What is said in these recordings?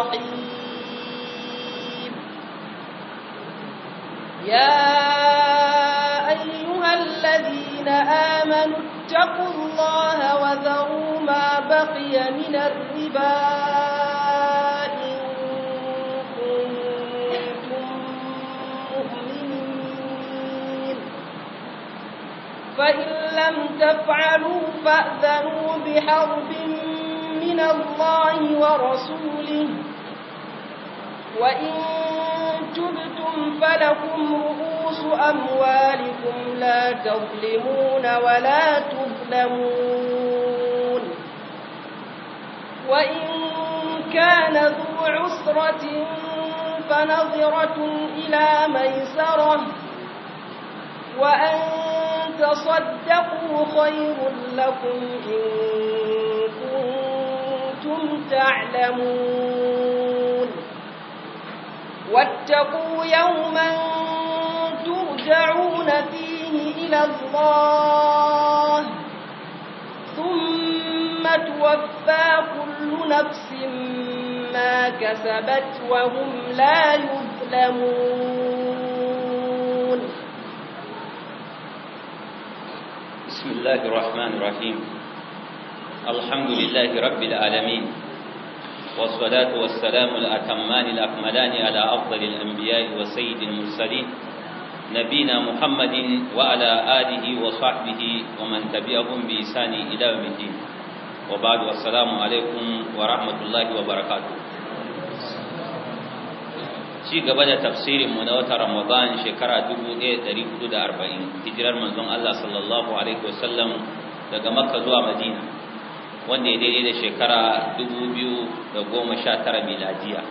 الرحيم يا أيها الذين آمنوا اتقوا الله وذروا ما بقي من الربا إن كنتم مؤمنين فإن لم تفعلوا فأذنوا بحرب من الله ورسوله وإن تبتم فلكم رؤوس أموالكم لا تظلمون ولا تظلمون وإن كان ذو عسرة فنظرة إلى ميسرة وأن تصدقوا خير لكم إن كنتم تعلمون واتقوا يوما ترجعون فيه إلى الله ثم توفى كل نفس ما كسبت وهم لا يظلمون بسم الله الرحمن الرحيم الحمد لله رب العالمين والصلاة والسلام الأتمان الأكملان على أفضل الأنبياء وسيد المرسلين نبينا محمد وعلى آله وصحبه ومن تبعهم بإحسان إلى يوم الدين وبعد والسلام عليكم ورحمة الله وبركاته ci gaba da tafsirin mu na watan Ramadan shekara 1440 hijirar manzon Allah sallallahu alaihi wasallam daga Makka zuwa Madina wanda ya daidai da shekara 2019 miladiya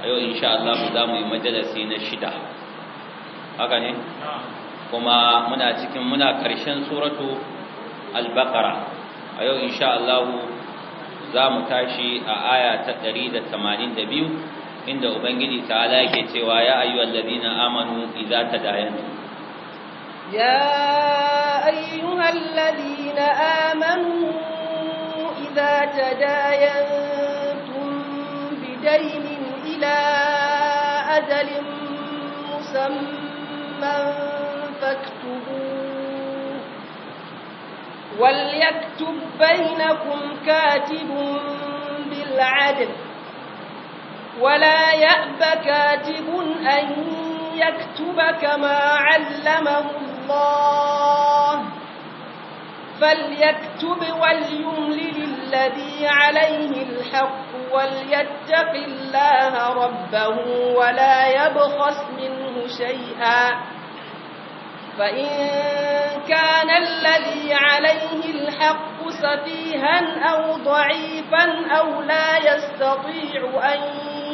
a yau insha Allah za mu yi majalasi na shida haka ne kuma muna cikin muna karshen suratu al a yau insha Allah za mu tashi a aya ta 182 inda ubangiji ta alaƙe cewa ya ayyu ladina amanu idza tadayantu ya ayyuhal ladina amanu إذا تداينتم بدين إلى أجل مسمى فاكتبوه وليكتب بينكم كاتب بالعدل ولا يأب كاتب أن يكتب كما علمه الله فليكتب وليملل الذي عليه الحق وليتق الله ربه ولا يبخس منه شيئا فإن كان الذي عليه الحق سفيها أو ضعيفا أو لا يستطيع أن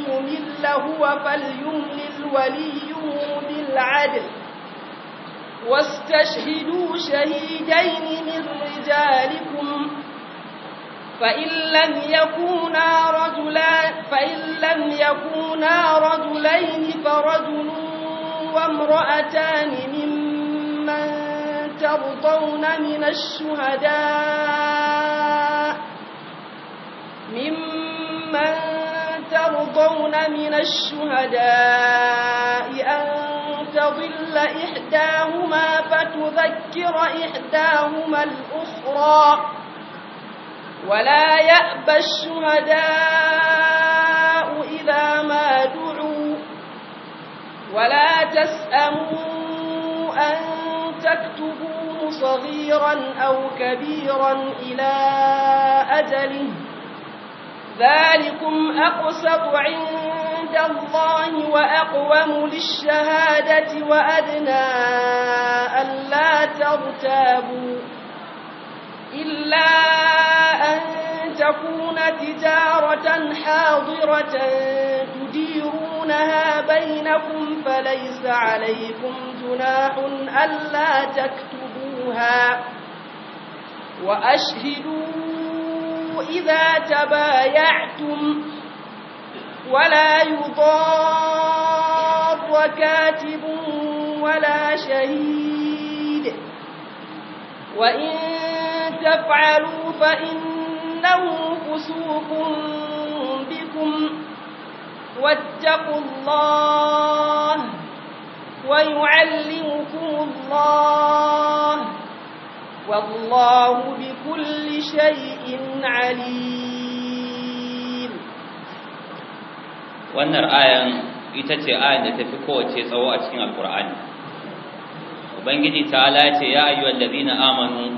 يمله فليملل وليه بالعدل واستشهدوا شهيدين من رجالكم فإن لم يكونا رجلان فإن لم يكونا رجلين فرجل وامرأتان ممن ترضون من الشهداء ممن ترضون من الشهداء أن تضل إحداهما فتذكر إحداهما الأخرى ولا يأبى الشهداء إذا ما دعوا ولا تسأموا أن تكتبوه صغيرا أو كبيرا إلى أجله ذلكم أقسط عند عند الله وأقوم للشهادة وأدنى ألا ترتابوا إلا أن تكون تجارة حاضرة تديرونها بينكم فليس عليكم جناح ألا تكتبوها وأشهدوا إذا تبايعتم ولا يضار كاتب ولا شهيد وإن تفعلوا فإنه فسوق بكم واتقوا الله ويعلمكم الله والله بكل شيء عليم wannan ayan ita ce ayan da ta fi kowace tsawo a cikin alkur'ani ubangiji ta'ala ce ya ayyuhal ladina amanu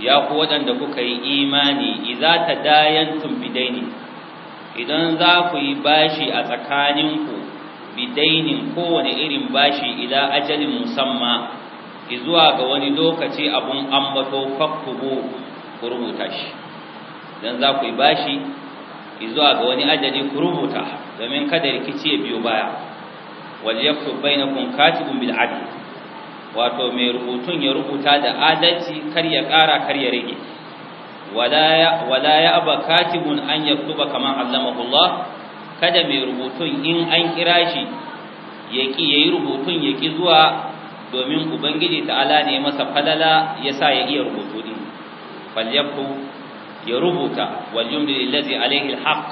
ya ku waɗanda kuka yi imani idza tadayantum bidaini idan za ku yi bashi a tsakaninku bidainin kowane irin bashi ila ajalin musamma zuwa ga wani lokaci abun ambato fakkubo ku rubuta shi idan za ku yi bashi zuwa ga wani ajali ku rubuta domin kada rikici ya biyo baya wal yaktub bainakum katibun bil adl wato mai rubutun ya rubuta da adalci kar ya ƙara kar ya rage wala ya aba katibun an yaktuba kama allamahu Allah kada mai rubutun in an kira shi yaki yayi rubutun yaki zuwa domin ubangiji ta'ala ne masa falala yasa ya iya rubutu din falyaktu ya rubuta wal jumli allazi alayhi alhaq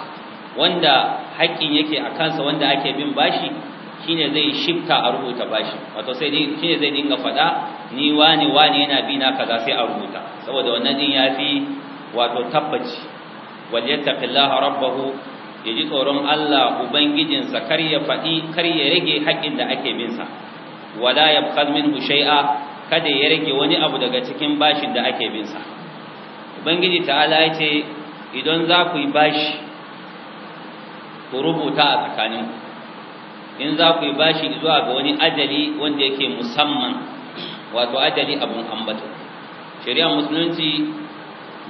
wanda haƙƙin yake a kansa wanda ake bin bashi shine zai shifta a rubuta bashi wato sai dai shine zai dinga faɗa ni wani wani yana bi na kaza sai a rubuta saboda wannan din yafi wato tabbaci wal yattaqillaha rabbahu yaji tsoron Allah ubangijinsa kar ya faɗi kar ya rage haƙƙin da ake bin sa wala yabqal minhu shay'a kada ya rage wani abu daga cikin bashin da ake bin sa ubangiji ta'ala ya ce idan za ku yi bashi ku rubuta a tsakanin in za ku yi bashi zuwa ga wani ajali wanda yake musamman wato ajali abun ambata shari'a musulunci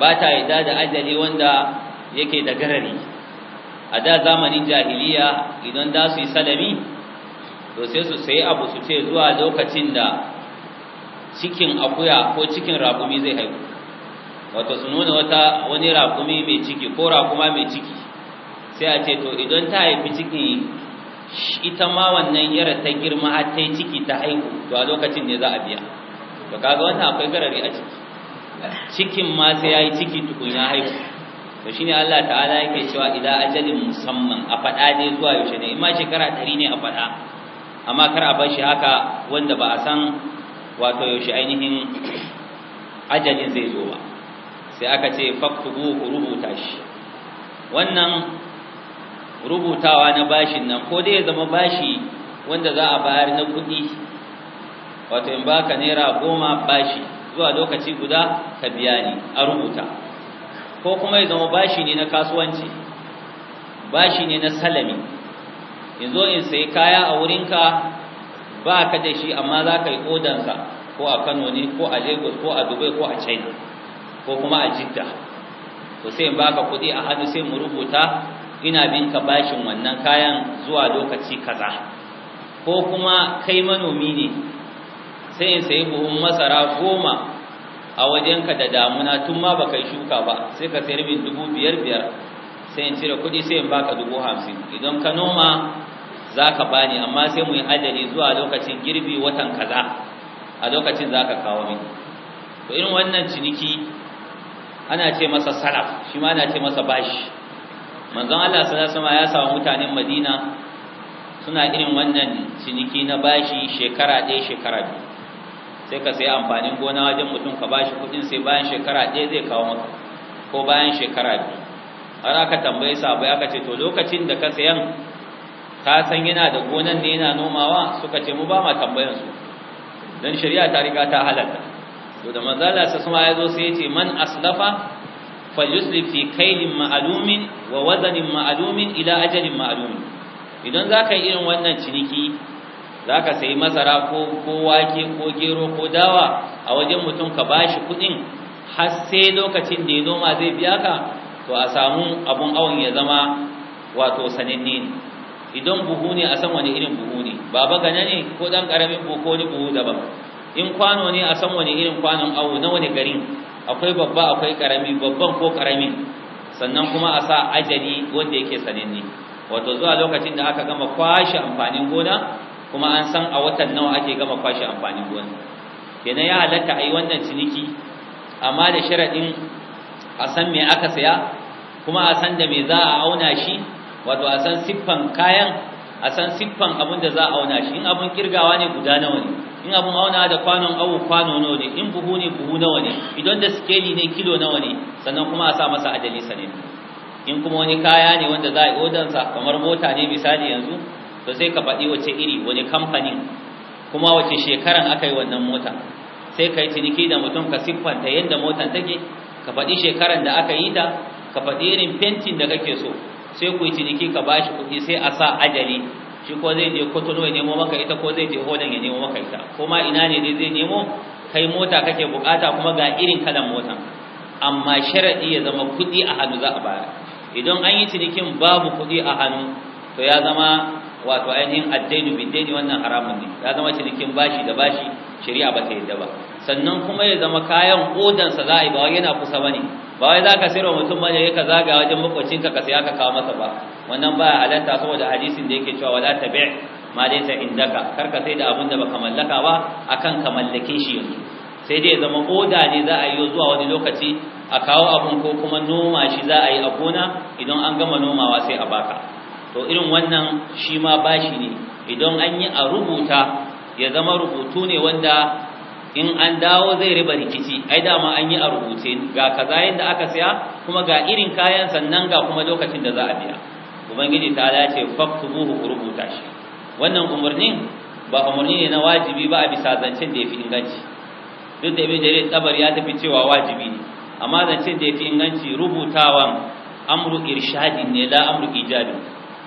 ba ta yi da ajali wanda yake da garari a da zamanin jahiliya idan da su yi salami to sai su sayi abu su ce zuwa lokacin da cikin akuya ko cikin rabumi zai haihu wato su nuna wata wani rakumi mai ciki ko rakuma mai ciki sai a ce to idan ta haifi ciki ita ma wannan yara ta girma har ta yi ciki ta haihu to a lokacin ne za a biya to kaga wannan akwai garari a ciki cikin ma sai ya yi ciki tukun ya haihu to shine Allah ta'ala yake cewa idan ajalin musamman a faɗa ne zuwa yaushe ne in ma shekara ɗari ne a faɗa amma kar a bar shi haka wanda ba a san wato yaushe ainihin ajalin zai zo ba sai aka ce faktubu ku rubuta shi wannan rubutawa na bashin nan ko dai ya zama bashi wanda za a bayar na kuɗi wato in baka naira goma bashi zuwa lokaci guda ka biya ni a rubuta ko kuma ya zama bashi ne na kasuwanci bashi ne na salami in zo in sayi kaya a wurinka ba ka da shi amma za ka yi odansa ko a kano ne ko a lagos ko a dubai ko a china ko kuma a jidda to sai in baka kuɗi a hannu sai mu rubuta ina bin ka bashin wannan kayan zuwa lokaci kaza ko kuma kai manomi ne sai in sayi buhun masara goma a wajenka da damuna tun ma baka shuka ba sai ka sayar min dubu biyar biyar sai in cire kuɗi sai in baka dubu hamsin idan ka noma za ka bani amma sai mu yi ajali zuwa lokacin girbi watan kaza a lokacin za ka kawo min to irin wannan ciniki ana ce masa salaf shi ma ana ce masa bashi manzon Allah sallallahu alaihi ya samu mutanen Madina suna irin wannan ciniki na bashi shekara ɗaya shekara biyu sai ka sai amfanin gona wajen mutum ka bashi kuɗin sai bayan shekara ɗaya zai kawo maka ko bayan shekara biyu har aka tambaye sa bai aka ce to lokacin da ka sayan ka san yana da gonan ne yana nomawa suka ce mu ba ma tambayan su dan shari'a ta riga ta halatta to da manzala sai kuma yazo sai yace man aslafa falyuslif fi kailin ma'lumin wa wazanin ma'lumin ila ajalin ma'lum idan zaka yi irin wannan ciniki zaka sayi masara ko ko wake ko gero ko dawa a wajen mutum ka bashi kudin har sai lokacin da ya noma zai biya ka to a samu abun awon ya zama wato sananne ne idan buhu ne a san wani irin buhu ne baba gane ne ko dan karamin buhu ko ni buhu daban in kwano ne a san wani irin kwanon awo na wani gari akwai babba akwai karami babban ko karamin sannan kuma a sa ajali wanda yake sananne wato zuwa lokacin da aka gama kwashe amfanin gona kuma an san a watan nawa ake gama kwashe amfanin gona kenan ya halatta a yi wannan ciniki amma da sharaɗin a san me aka saya kuma a san da me za a auna shi wato a san siffan kayan a san siffan abin da za a auna shi in abin kirgawa ne guda nawa ne in abin auna da kwanon abu kwano nawa ne in buhu ne buhu nawa ne idan da sikeli ne kilo nawa ne sannan kuma a sa masa adali sane in kuma wani kaya ne wanda za a yi odansa kamar mota ne misali yanzu to sai ka faɗi wace iri wani kamfanin kuma wace shekaran aka yi wannan mota sai ka yi ciniki da mutum ka siffanta yadda motan take ka faɗi shekaran da aka yi ta ka faɗi irin fentin da kake so sai ku yi ciniki ka bashi kuɗi sai a sa ajali shi ko zai je kotono ya nemo maka ita ko zai je hodan ya nemo maka ita ko ma ina ne zai nemo kai mota kake bukata kuma ga irin kalan mota, amma sharadi ya zama kuɗi a hannu za a bayar idan an yi cinikin babu kuɗi a hannu to ya zama wato ainihin addainu biddaini wannan haramun ne ya zama cinikin bashi da bashi shari'a ba ta yadda ba sannan kuma ya zama kayan odansa za a yi ba yana kusa ba ne. ba wai zaka wa mutum bane ka zaga wajen makwacinka ka saya ka kawo masa ba wannan ba halatta saboda hadisin da yake cewa wala tabi' ma laysa indaka kar ka sai da abun da baka mallaka ba akan ka mallake shi yanzu sai dai zama oda ne za a yi zuwa wani lokaci a kawo abun ko kuma noma shi za a yi a gona idan an gama nomawa sai a baka to irin wannan shi ma bashi ne idan an yi a rubuta ya zama rubutu ne wanda in an dawo zai riba rikici ai dama an yi a rubuce ga kaza yadda aka saya kuma ga irin kayan sannan ga kuma lokacin da za a biya ubangiji ta ala ce faktubuhu ku rubuta shi wannan umarnin ba umarni ne na wajibi ba a bisa zancen da yafi inganci duk da ibn jarir tsabar ya tafi cewa wajibi ne amma zancen da yafi inganci rubutawan amru irshadin ne la amru ijabi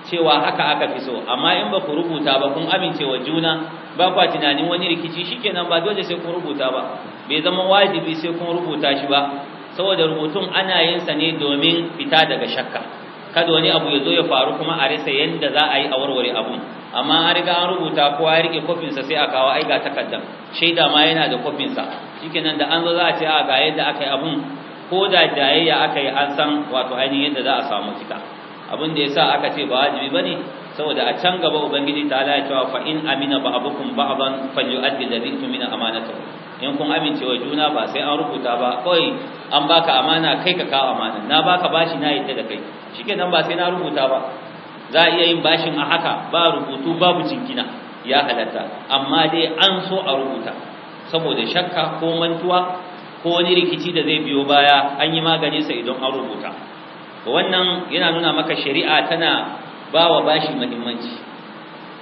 cewa haka aka fi so amma in ba ku rubuta ba kun amince wa juna ba kwa tunanin wani rikici shikenan ba dole sai kun rubuta ba bai zama wajibi sai kun rubuta shi ba saboda rubutun ana yin sa ne domin fita daga shakka kada wani abu ya zo ya faru kuma a rasa yadda za a yi a warware abun amma an riga an rubuta ko ya rike kofin sa sai a kawo ai ga takardar shaida ma yana da kofin sa shikenan da an zo za a ce a ga yadda aka yi abun ko da jayayya aka yi an san wato ainihin yadda za a samu cika abin da ya sa aka ce ba wajibi bane saboda a can gaba ubangiji ta ya cewa fa in amina ba'dukum ba'dan falyu'addi alladhi tumina amanatu in kun amince wa juna ba sai an rubuta ba kawai an baka amana kai ka kawo amana na baka bashi na yadda da kai shikenan ba sai na rubuta ba za a iya yin bashin a haka ba rubutu babu jinkina ya halatta amma dai an so a rubuta saboda shakka ko mantuwa ko wani rikici da zai biyo baya an yi maganinsa idan an rubuta wannan yana nuna maka shari'a tana ba wa bashi muhimmanci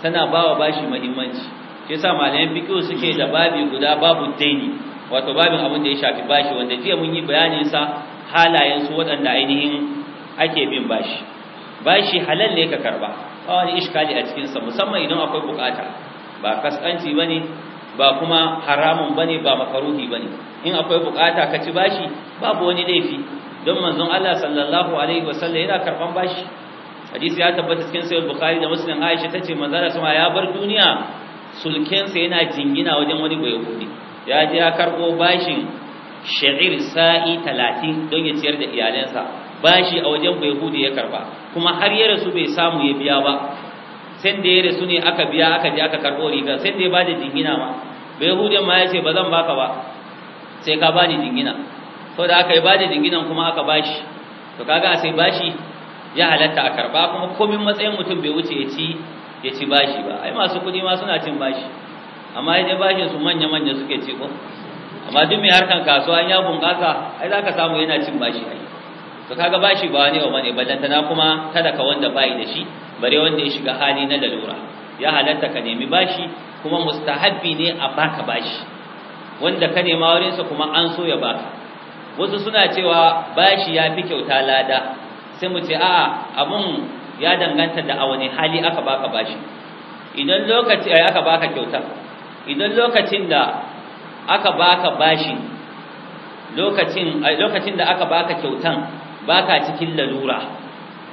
tana ba wa bashi muhimmanci shi yasa malaman fiqh suke da babi guda babu daini wato babin abin da ya shafi bashi wanda jiya mun yi bayanin sa halayen su waɗanda ainihin ake bin bashi bashi halal ne ka karba ba wani iskali a cikin sa musamman idan akwai bukata ba kaskanci bane ba kuma haramun bane ba makaruhi bane in akwai bukata ka ci bashi babu wani laifi don manzon Allah sallallahu alaihi wasallam yana karban bashi hadisi ya tabbata cikin sahih bukhari da muslim aisha tace manzon Allah sama ya bar duniya sulkensa yana jingina wajen wani bayahudi ya je ya karbo bashin sha'ir sa'i 30 don ya ciyar da iyalansa bashi a wajen bayahudi ya karba kuma har ya rasu bai samu ya biya ba sai da ya rasu ne aka biya aka je aka karbo riga sai da ya bada jingina ma bayahudin ma ya ce ba zan baka ba sai ka bani jingina da aka yi bada jinginan kuma aka bashi to kaga sai bashi ya halatta a karba kuma komin matsayin mutum bai wuce ya ci bashi ba ai masu kudi ma suna cin bashi amma ya bashin su manya manya suke ci ko amma duk mai harkan kasuwa ya bunƙasa ai zaka samu yana cin bashi ai to kaga bashi ba wani ba ne ballantana kuma kada ka wanda bai da shi bare wanda ya shiga hali na lalura ya halatta ka nemi bashi kuma mustahabbi ne a baka bashi wanda ka nema wurinsa kuma an so ya baka wasu suna cewa bashi ya fi kyauta lada sai mu ce a'a abun ya danganta da a wani hali aka baka bashi idan lokaci eh, aka baka kyauta idan lokacin da aka baka bashi eh, lokacin da aka baka kyautan baka cikin lalura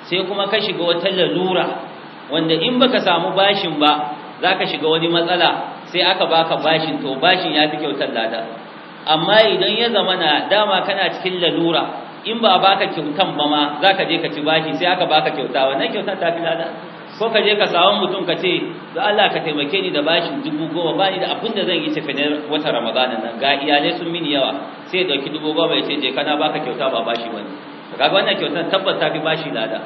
sai kuma ka shiga wata lalura wanda in baka samu bashin ba zaka shiga wani matsala sai aka baka bashin to bashin ya fi kyautar lada amma idan ya zama na dama kana cikin lalura in ba baka kyautan ba ma zaka je ka ci bashi sai aka baka kyauta wannan kyautan ta fi lada ko ka je ka samu mutum ka ce da Allah ka taimake ni da bashi dubu goma ba ni da abin da zan yi fenar wata ramadana nan ga iyalai sun mini yawa sai ya dauki dubu goma ya ce je kana baka kyauta ba bashi bane ga wannan kyautan tabbas ta fi bashi lada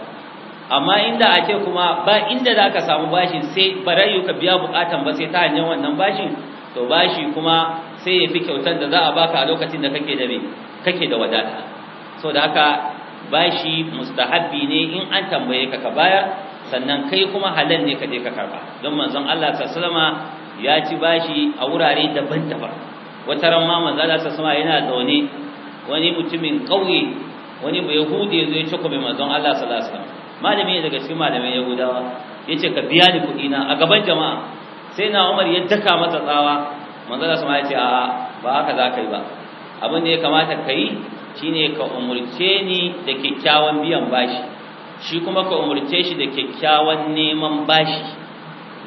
amma inda a ce kuma ba inda za ka samu bashin sai barayu ka biya bukatan ba sai ta hanyar wannan bashin to bashi kuma sai ya fi kyautar da za a baka a lokacin da kake da me kake da wadata da haka bashi mustahabbi ne in an tambaye ka ka bayar sannan kai kuma halal ne ka je ka karba don manzon Allah sallama ya ci bashi a wurare daban-daban wata ran ma manzon Allah sallama yana zaune wani mutumin ƙauye wani bai hude ya ci kuma manzon Allah sallallahu alaihi wasallam malami ne daga cikin malamin yahudawa yace ka biya ni kuɗi na a gaban jama'a sai na Umar ya daka masa tsawa manzala su ma ya ce a'a ba haka za ka yi ba abin da ya kamata ka yi shine ka umurce ni da kyakkyawan biyan bashi shi kuma ka umurce shi da kyakkyawan neman bashi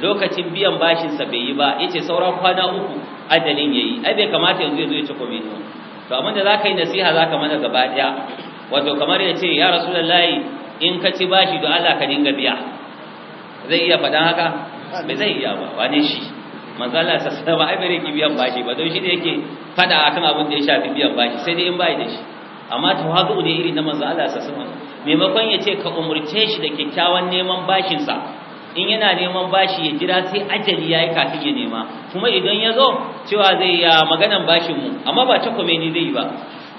lokacin biyan bashinsa bai yi ba yace sauran kwana uku adalin yayi ai bai kamata yanzu ya zo ya ci komai ne to abin da ka yi nasiha za ka mana gaba daya wato kamar ya ce ya layi in ka ci bashi don Allah ka dinga biya zai iya faɗan haka bai zai iya ba wane shi mazala sa sama a bare ki biyan bashi ba don shi ne yake fada akan abin da ya shafi biyan bashi sai dai in bai da shi amma tawadu ne iri na manzo Allah sallallahu maimakon ya ce ka umurce shi da kyakkyawan neman bashin sa in yana neman bashi ya jira sai ajali yayi kafin ya nema kuma idan ya zo cewa zai ya maganan bashin mu amma ba ta ni zai yi ba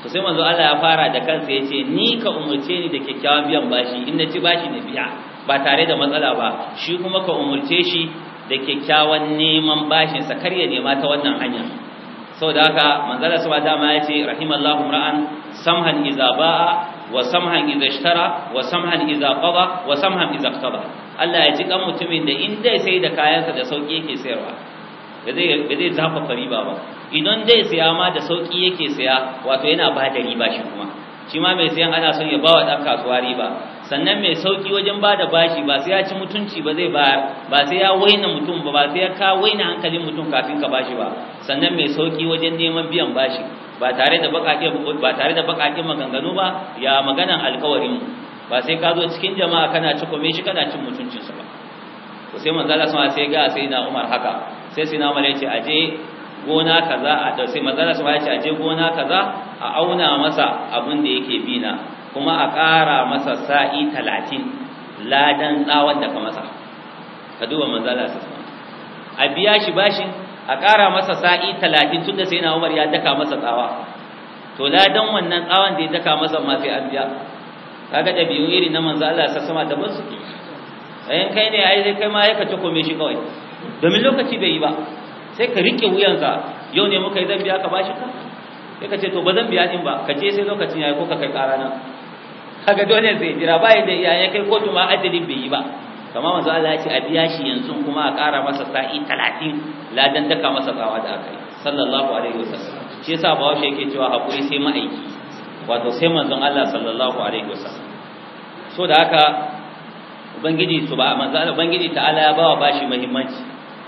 to sai manzo Allah ya fara da kansa ya ce ni ka umurce ni da kyakkyawan biyan bashi in na ci bashi na biya ba tare da matsala ba shi kuma ka umurce shi da kyakkyawan neman bashin sa kar ya nema ta wannan hanya saboda haka manzala su dama ya ce rahimallahu ra'an samhan iza ba'a wa samhan iza ishtara wa samhan iza qada wa samhan iza qada Allah ya ji kan mutumin da in dai sai da kayansa da sauki yake sayarwa ba zai ba zai zafa riba ba idan dai saya ma da sauki yake saya wato yana ba da riba shi kuma shi ma mai sayan ana son ya bawa dan kasuwa riba sannan mai sauki wajen ba da bashi ba sai ya ci mutunci ba zai bayar ba sai ya waina mutum ba ba sai ya ka waina hankalin mutum kafin ka bashi ba sannan mai sauki wajen neman biyan bashi ba tare da baƙaƙe ba tare da maganganu ba ya maganan alƙawarin ba sai ka zo cikin jama'a kana ci kome shi kana cin sa ba to sai manzo Allah sai sai ga sai na Umar haka sai sai na Umar ya ce aje gona kaza a sai Allah sai ya ce aje gona kaza a auna masa abin da yake bina kuma a ƙara masa sa'i talatin ladan tsawon da ka masa ka duba manzala su a biya shi shi a ƙara masa sa'i talatin tun da sai na umar ya daka masa tsawa to ladan wannan tsawon da ya daka masa ma sai an biya kaga ɗabi'un iri na manzala su sama da basu Bayan kai ne ai zai kai ma ya ka kome shi kawai domin lokaci bai yi ba sai ka riƙe wuyanka yau ne muka yi zan biya ka bashi ka sai ka ce to ba zan biya din ba ka ce sai lokacin ya yi ko ka kai ƙara na kaga dole zai jira bai da iyaye kai kotu ma ajalin bai yi ba Kamar manzo Allah ya ce a biya shi yanzu kuma a ƙara masa sa'i 30 ladan daka masa tsawa da aka yi sallallahu alaihi wasallam shi yasa ba bawashi yake cewa hakuri sai ma'aiki wato sai manzon Allah sallallahu alaihi wasallam so da haka ubangiji su ba manzo Allah ubangiji ta'ala ya bawa bashi muhimmanci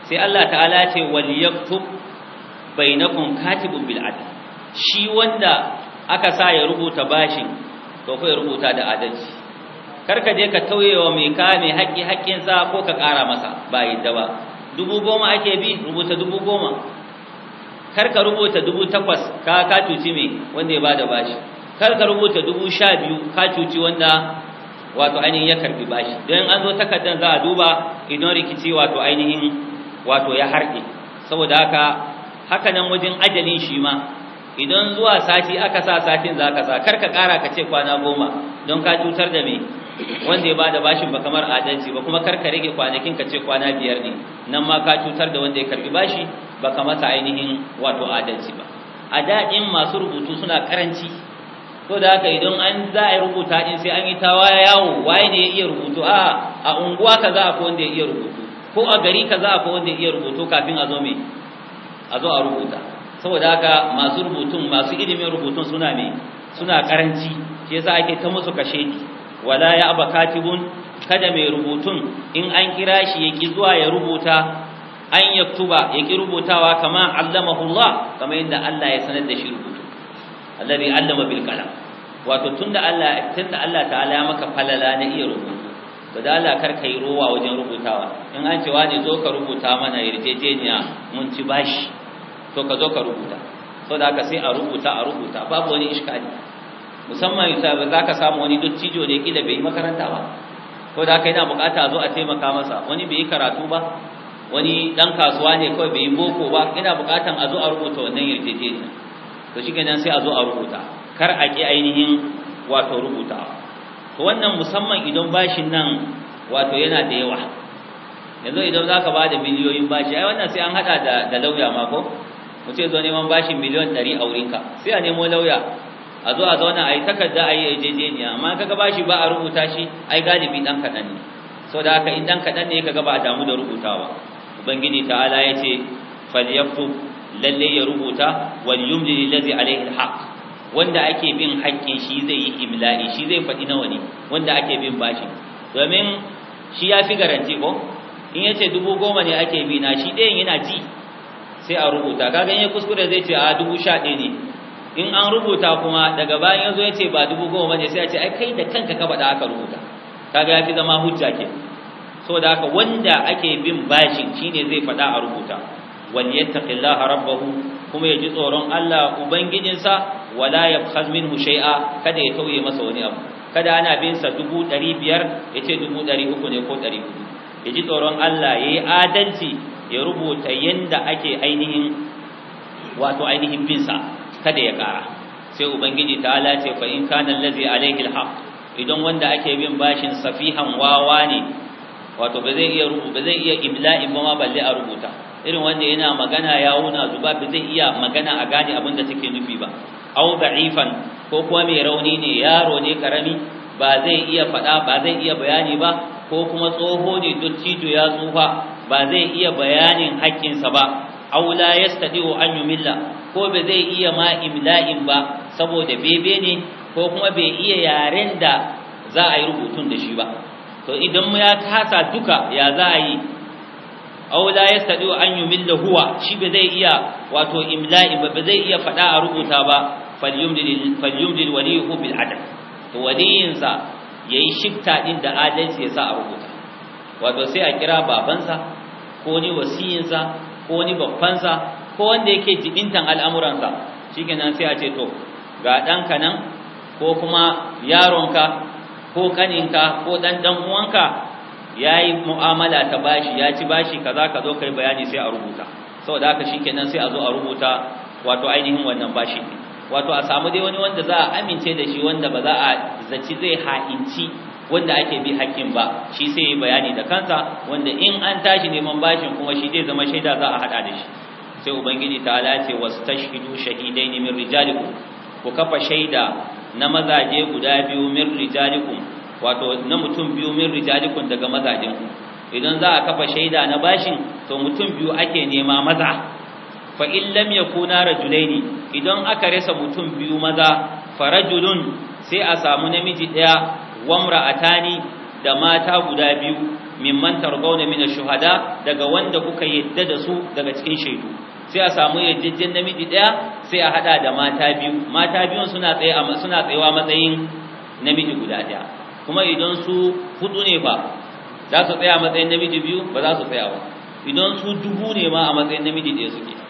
sai Allah ta'ala ya ce wal yaktub bainakum katibun bil adl shi wanda aka sa ya rubuta bashin to ku rubuta da adalci kar ka je ka tauyewa mai kame haƙin sa ko ka ƙara masa ba yadda ba dubu goma ake bi rubuta dubu goma kar ka rubuta dubu takwas ka ka cuci mai wanda ya bada bashi kar ka rubuta dubu sha biyu ka cuci wanda wato ainihin ya karbi bashi don an zo takardar za a duba idan rikici wato ainihin wato ya harɗe saboda haka haka nan wajen ajalin shi ma idan zuwa sati aka sa satin za ka sa kar ka ƙara ka ce kwana goma don ka cutar da me wanda ya bada bashin ba kamar adalci ba kuma karka rage kwanakin ka ce kwana biyar ne nan ma ka cutar da wanda ya karbi bashi ba ka masa ainihin wato adalci ba a daɗin masu rubutu suna karanci ko da haka idan an za a yi rubuta din sai an yi waya yawo waye ne ya iya rubutu a a unguwa ka a ko wanda ya iya rubutu ko a gari ka a ko wanda ya iya rubutu kafin a zo me a zo a rubuta saboda haka masu rubutun masu ilimin rubutun suna ne suna karanci shi yasa ake ta musu kashedi wala ya aba katibun kada mai rubutun in an kira shi ki zuwa ya rubuta an yaktuba ki rubutawa kama allamahullah kamar yadda Allah ya sanar da shi rubutu alladhi allama bil qalam wato tunda Allah tunda Allah ta'ala ya maka falala na iya rubutu to da Allah kar kai rowa wajen rubutawa in an ce wani zo ka rubuta mana yarjejeniya mun ci bashi to ka zo ka rubuta sau da haka sai a rubuta a rubuta babu wani iskali musamman za ka samu wani dottijo ne kila bai yi makaranta ba ko da haka yana bukata a zo a taimaka masa wani bai yi karatu ba wani dan kasuwa ne kawai bai yi boko ba yana bukatan a zo a rubuta wannan yarjejeniya to shi kenan sai a zo a rubuta kar a ki ainihin wato rubuta to wannan musamman idan bashin nan wato yana da yawa yanzu idan za ka ba da miliyoyin bashi ai wannan sai an hada da lauya ma ko ce zo neman bashi miliyan ɗari a wurinka sai a nemo lauya a zo a zauna a yi takarda a yi yarjejeniya amma kaga bashi ba a rubuta shi ai galibi dan kaɗan ne da haka in dan kaɗan ne kaga ba a damu da rubutawa ubangiji ta'ala ya ce falyaktub lalle ya rubuta wal yumli lillazi alaihi alhaq wanda ake bin haƙƙin shi zai yi imla'i shi zai faɗi nawa ne wanda ake bin bashi. domin shi ya fi garanti ko in yace dubu goma ne ake bi na shi ɗayan yana ji sai a rubuta kaga in ya kuskure zai ce a dubu sha ɗaya ne in an rubuta kuma daga bayan yazo ya ce ba dubu goma ne sai a ce ai kai da kanka ka faɗa aka rubuta kaga ya fi zama hujja ke saboda haka wanda ake bin bashin shi ne zai faɗa a rubuta wal yattaqillaha rabbahu kuma ya ji tsoron Allah ubangijinsa wala yabkhaz minhu shay'a kada ya tauye masa wani abu kada ana bin sa dubu 500 yace 300 ne ko 400 ya ji tsoron Allah yayi adalci ya rubuta yadda ake ainihin wato ainihin binsa, kada ya kara sai ubangiji ta'ala ce fa in kana allazi alayhi idan wanda ake bin bashin safihan wawa ne wato ba zai iya rubu ba zai iya ibla'in ba ma balle a rubuta irin wanda yana magana ya wuna zuba ba zai iya magana a gane abin da take nufi ba aw da'ifan ko kuma mai rauni ne yaro ne karami ba zai iya faɗa ba zai iya bayani ba ko kuma tsoho ne dottijo ya tsufa ba zai iya bayanin haƙƙinsa ba aula yastadiu an yumilla ko ba zai iya ma imla'in ba saboda bebe ne ko kuma bai iya yaren da za a yi rubutun da shi ba to idan ya kasa duka ya za a yi aula yastadiu an yumilla huwa shi ba zai iya wato imla'in ba ba zai iya faɗa a rubuta ba fal falyumlil waliyuhu bil adad to waliyinsa ya yi shifta ɗin da adalci ya sa a rubuta wato sai a kira babansa ko ni wasiyinsa ko ni babbansa ko wanda yake jibintan al'amuransa shikenan sai a ce to ga ɗanka nan ko kuma yaronka ko kaninka ko dan dan uwanka ya yi mu'amala ta bashi ya ci bashi kaza ka zo kai bayani sai a rubuta saboda haka shikenan sai a zo a rubuta wato ainihin wannan bashi ne wato a samu dai wani wanda za a amince da shi wanda ba za a zaci zai ha'inci wanda ake bi hakkin ba shi sai yi bayani da kansa wanda in an tashi neman bashin kuma shi zai zama shaida za a hada da shi sai ubangiji ta'ala ce shahidai shahidaini min rijalikum ku kafa shaida na mazaje guda biyu min rijalikum wato na mutum biyu min rijalikum daga mazajen idan za a kafa shaida na bashin to mutum biyu ake nema maza fa in lam yakuna rajulaini idan aka rasa mutum biyu maza farajulun sai a samu namiji daya wamra atani da mata guda biyu mimman tarzauna min shuhada daga wanda kuka yadda da su daga cikin shaidu sai a samu yajjajjen namiji daya sai a hada da mata biyu mata biyun suna tsaye a suna matsayin namiji guda daya kuma idan su hudu ne ba za su tsaya a matsayin namiji biyu ba za su tsaya ba idan su dubu ne ma a matsayin namiji daya suke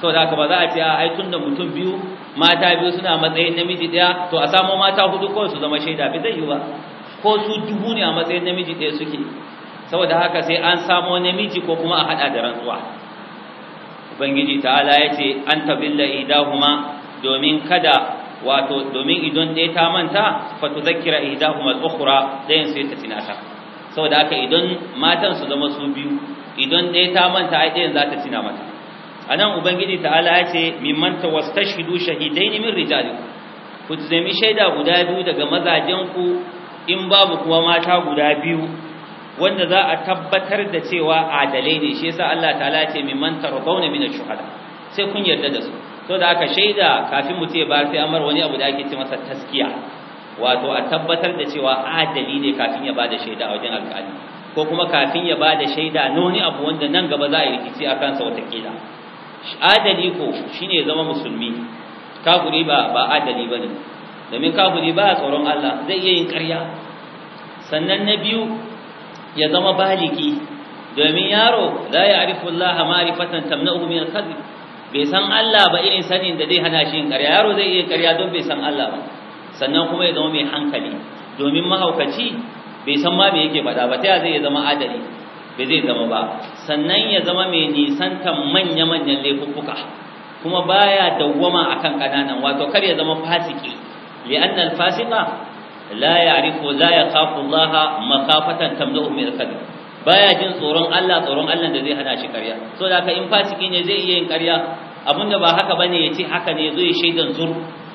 sau haka ba za a ce a ai tunda mutum biyu mata biyu suna matsayin namiji daya to a samo mata hudu kawai su zama shaida bai zai yi ba ko su dubu ne a matsayin namiji daya suke saboda haka sai an samo namiji ko kuma a hada da rantsuwa ubangiji ta'ala ya ce an tabilla idahuma domin kada wato domin idon ɗaya ta manta fa zakira idahuma al-ukhra dayan sai ta tinata saboda haka idan matan su zama su biyu idan ɗaya ta manta ai ɗayan za ta tina mata anan ubangiji ta'ala ya ce mimman tawastashidu shahidain min rijalikum ku zami shaida guda biyu daga mazajen ku in babu kuma mata guda biyu wanda za a tabbatar da cewa adalai ne shi yasa Allah ta'ala ce mimman tarbauna min ash-shuhada sai kun yarda da su to da aka shaida kafin mutum ya ba sai amar wani abu da ake ce masa taskiya wato a tabbatar da cewa adali ne kafin ya bada shaida a wajen alƙali ko kuma kafin ya bada shaida na wani abu wanda nan gaba za a yi rikici a kansa kila adali ko shine zama musulmi kafiri ba ba adali bane domin kafiri ba tsoron Allah zai iya ƙarya sannan na biyu ya zama baliki domin yaro la ya'rifu Allah ma'rifatan tamna'u min al-kadhib bai san Allah ba irin sanin da zai hana shi yin ƙarya yaro zai iya ƙarya don bai san Allah ba sannan kuma ya zama mai hankali domin mahaukaci bai san ma me yake faɗa ba ta zai zama adali Bazai zai zama ba sannan ya zama mai nisantan manya-manyan laifuffuka kuma baya dawwama akan kananan wato kar ya zama fasiki li'anna al-fasiqa la ya'rifu la yakhafu Allah makafatan tamdahu min al baya jin tsoron Allah tsoron Allah da zai hana shi ƙarya so da haka in fasiki ne zai iya yin ƙarya abinda ba haka bane ya ce haka ne zai shaidan zur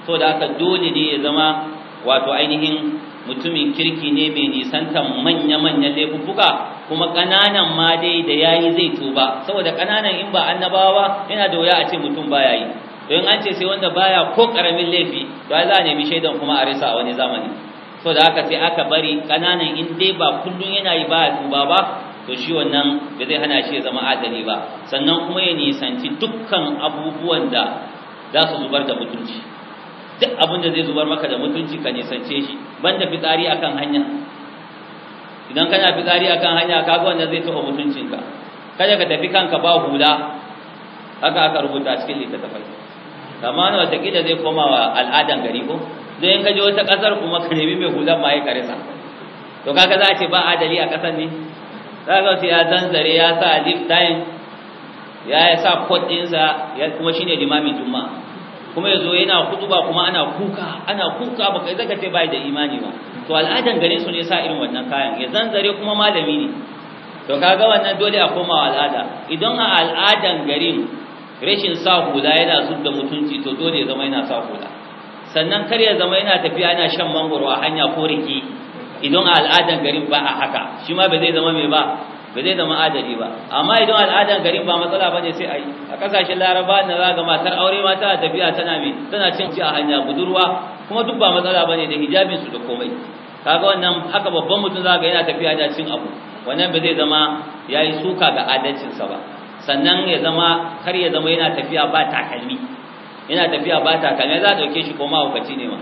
so da haka dole ne ya zama wato ainihin mutumin kirki ne mai nisantan manya-manya laifuka-laifuka, kuma ƙananan ma dai da yayi zai tuba saboda ƙananan in ba annabawa yana da wuya a ce mutum baya yi to in an ce sai wanda baya ko ƙaramin laifi to za a nemi shaidan kuma a risa a wani zamani saboda aka sai aka bari ƙananan in dai ba kullum yana yi ba a tuba ba to shi wannan ba zai hana shi ya zama adali ba sannan kuma ya nisanci dukkan abubuwan da za su zubar da mutunci duk abin da zai zubar maka da mutunci ka nisance shi banda fitsari akan hanya idan kana fitsari akan hanya kaga wanda zai taɓa mutuncinka kada ka tafi kanka ba hula haka aka rubuta cikin littattafai amma wani watakila zai koma wa al'adan gari ko zai in ka je wata ƙasar kuma ka nemi mai hulan ma ya karisa to kaga za a ce ba adali a ƙasar ne za ka ya zanzare ya sa lip time ya sa kot ɗinsa kuma shine limamin juma'a kuma ya zo yana ba kuma ana kuka ana kuka baka zaka ce bai da imani ba to al'adan gare su ne sa irin wannan kayan ya zanzare kuma malami ne to kaga wannan dole a koma al'ada idan a al'adan garin rashin sa hula yana zubda mutunci to dole ya zama yana sa hula sannan kar ya zama yana tafiya yana shan mangoro a hanya ko riki, idan a al'adan garin ba a haka shi ma ba zai zama mai ba ba zai zama adadi ba amma idan al'adan garin ba matsala bane sai a yi a kasashen laraba na za ga matar aure ma tana tafiya tana tana cin ci a hanya budurwa kuma duk ba matsala bane da hijabin su da komai kaga wannan haka babban mutum za ga yana tafiya da cin abu wannan ba zai zama ya yi suka ga adancinsa ba sannan ya zama kar ya zama yana tafiya ba takalmi yana tafiya ba takalmi za a dauke shi ko ma hukaci ne ma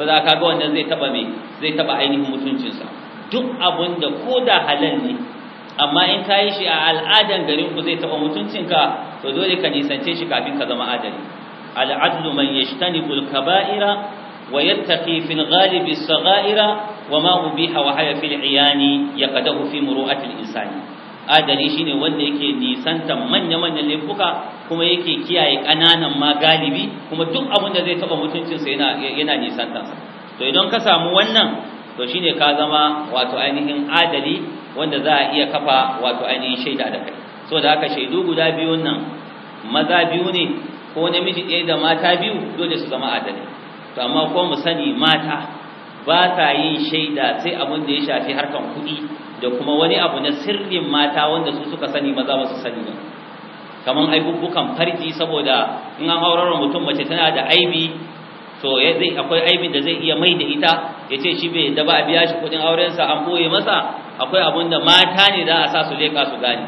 saboda kaga wannan zai taba me zai taba ainihin mutuncinsa duk abun da ko da halal ne amma in ka yi shi a al'adan garin ku zai taɓa mutuncinka to dole ka nisance shi kafin ka zama adali al'adlu man yajtanibul kaba'ira wa yattaqi fil ghalibi saghaira wa ma ubiha wa haya fil iyani yaqadahu fi muru'ati al insani adali shine wanda yake nisanta manya manyan laifuka kuma yake kiyaye kananan ma galibi kuma duk abin da zai taɓa mutuncinsa yana yana nisantansa to idan ka samu wannan to shine ka zama wato ainihin adali wanda za a iya kafa wato ainihin shaida da kai so da haka shaidu guda biyu nan maza biyu ne ko namiji ɗaya da mata biyu dole su zama adali to amma ko mu sani mata ba ta yin shaida sai abin da ya shafi harkan kuɗi da kuma wani abu na sirrin mata wanda su suka sani maza ba su sani ba kamar aibubukan farji saboda in an aurara mutum mace tana da aibi to zai akwai aibin da zai iya mai da ita ya ce shi bai da ba a biya shi kudin aurensa an boye masa akwai abin da mata ne za a sa su leka su gani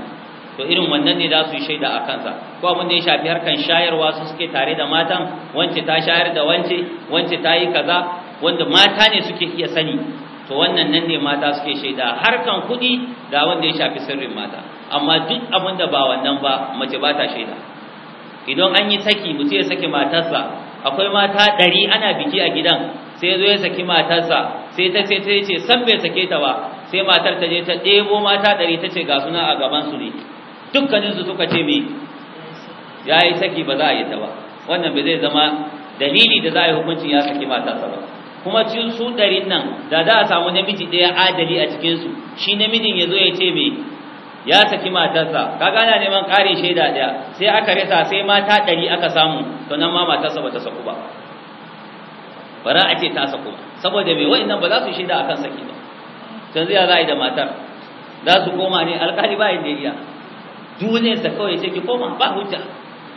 to irin wannan ne za su yi shaida a kansa ko abin da ya shafi harkan shayarwa su suke tare da matan wance ta shayar da wance wance ta yi kaza wanda mata ne suke iya sani to wannan nan ne mata suke shaida harkan kuɗi da wanda ya shafi sirrin mata amma duk abin da ba wannan ba mace ba ta shaida idan an yi saki mutum ya saki matarsa akwai mata ɗari ana biki a gidan sai zo ya saki matarsa sai ta ce ta ce san bai sake ta ba sai matar ta je ta ɗebo mata ɗari ta ce ga suna a gaban su ne dukkaninsu suka ce me ya yi saki ba za a yi ta ba wannan bai zai zama dalili da za a yi hukuncin ya saki matarsa ba kuma cikin su ɗarin nan da za a samu namiji ɗaya adali a cikinsu shi namijin ya zo ya ce me ya saki matarsa kaga ana neman ƙarin shaida ɗaya sai aka rasa sai mata ɗari aka samu to nan ma matarsa bata saku ba bara a ce ta saku ba saboda mai nan ba za su shaida akan saki ba sai zai za a yi da matar za su koma ne alƙali ba inda iya sa kawai sai ki koma ba hujja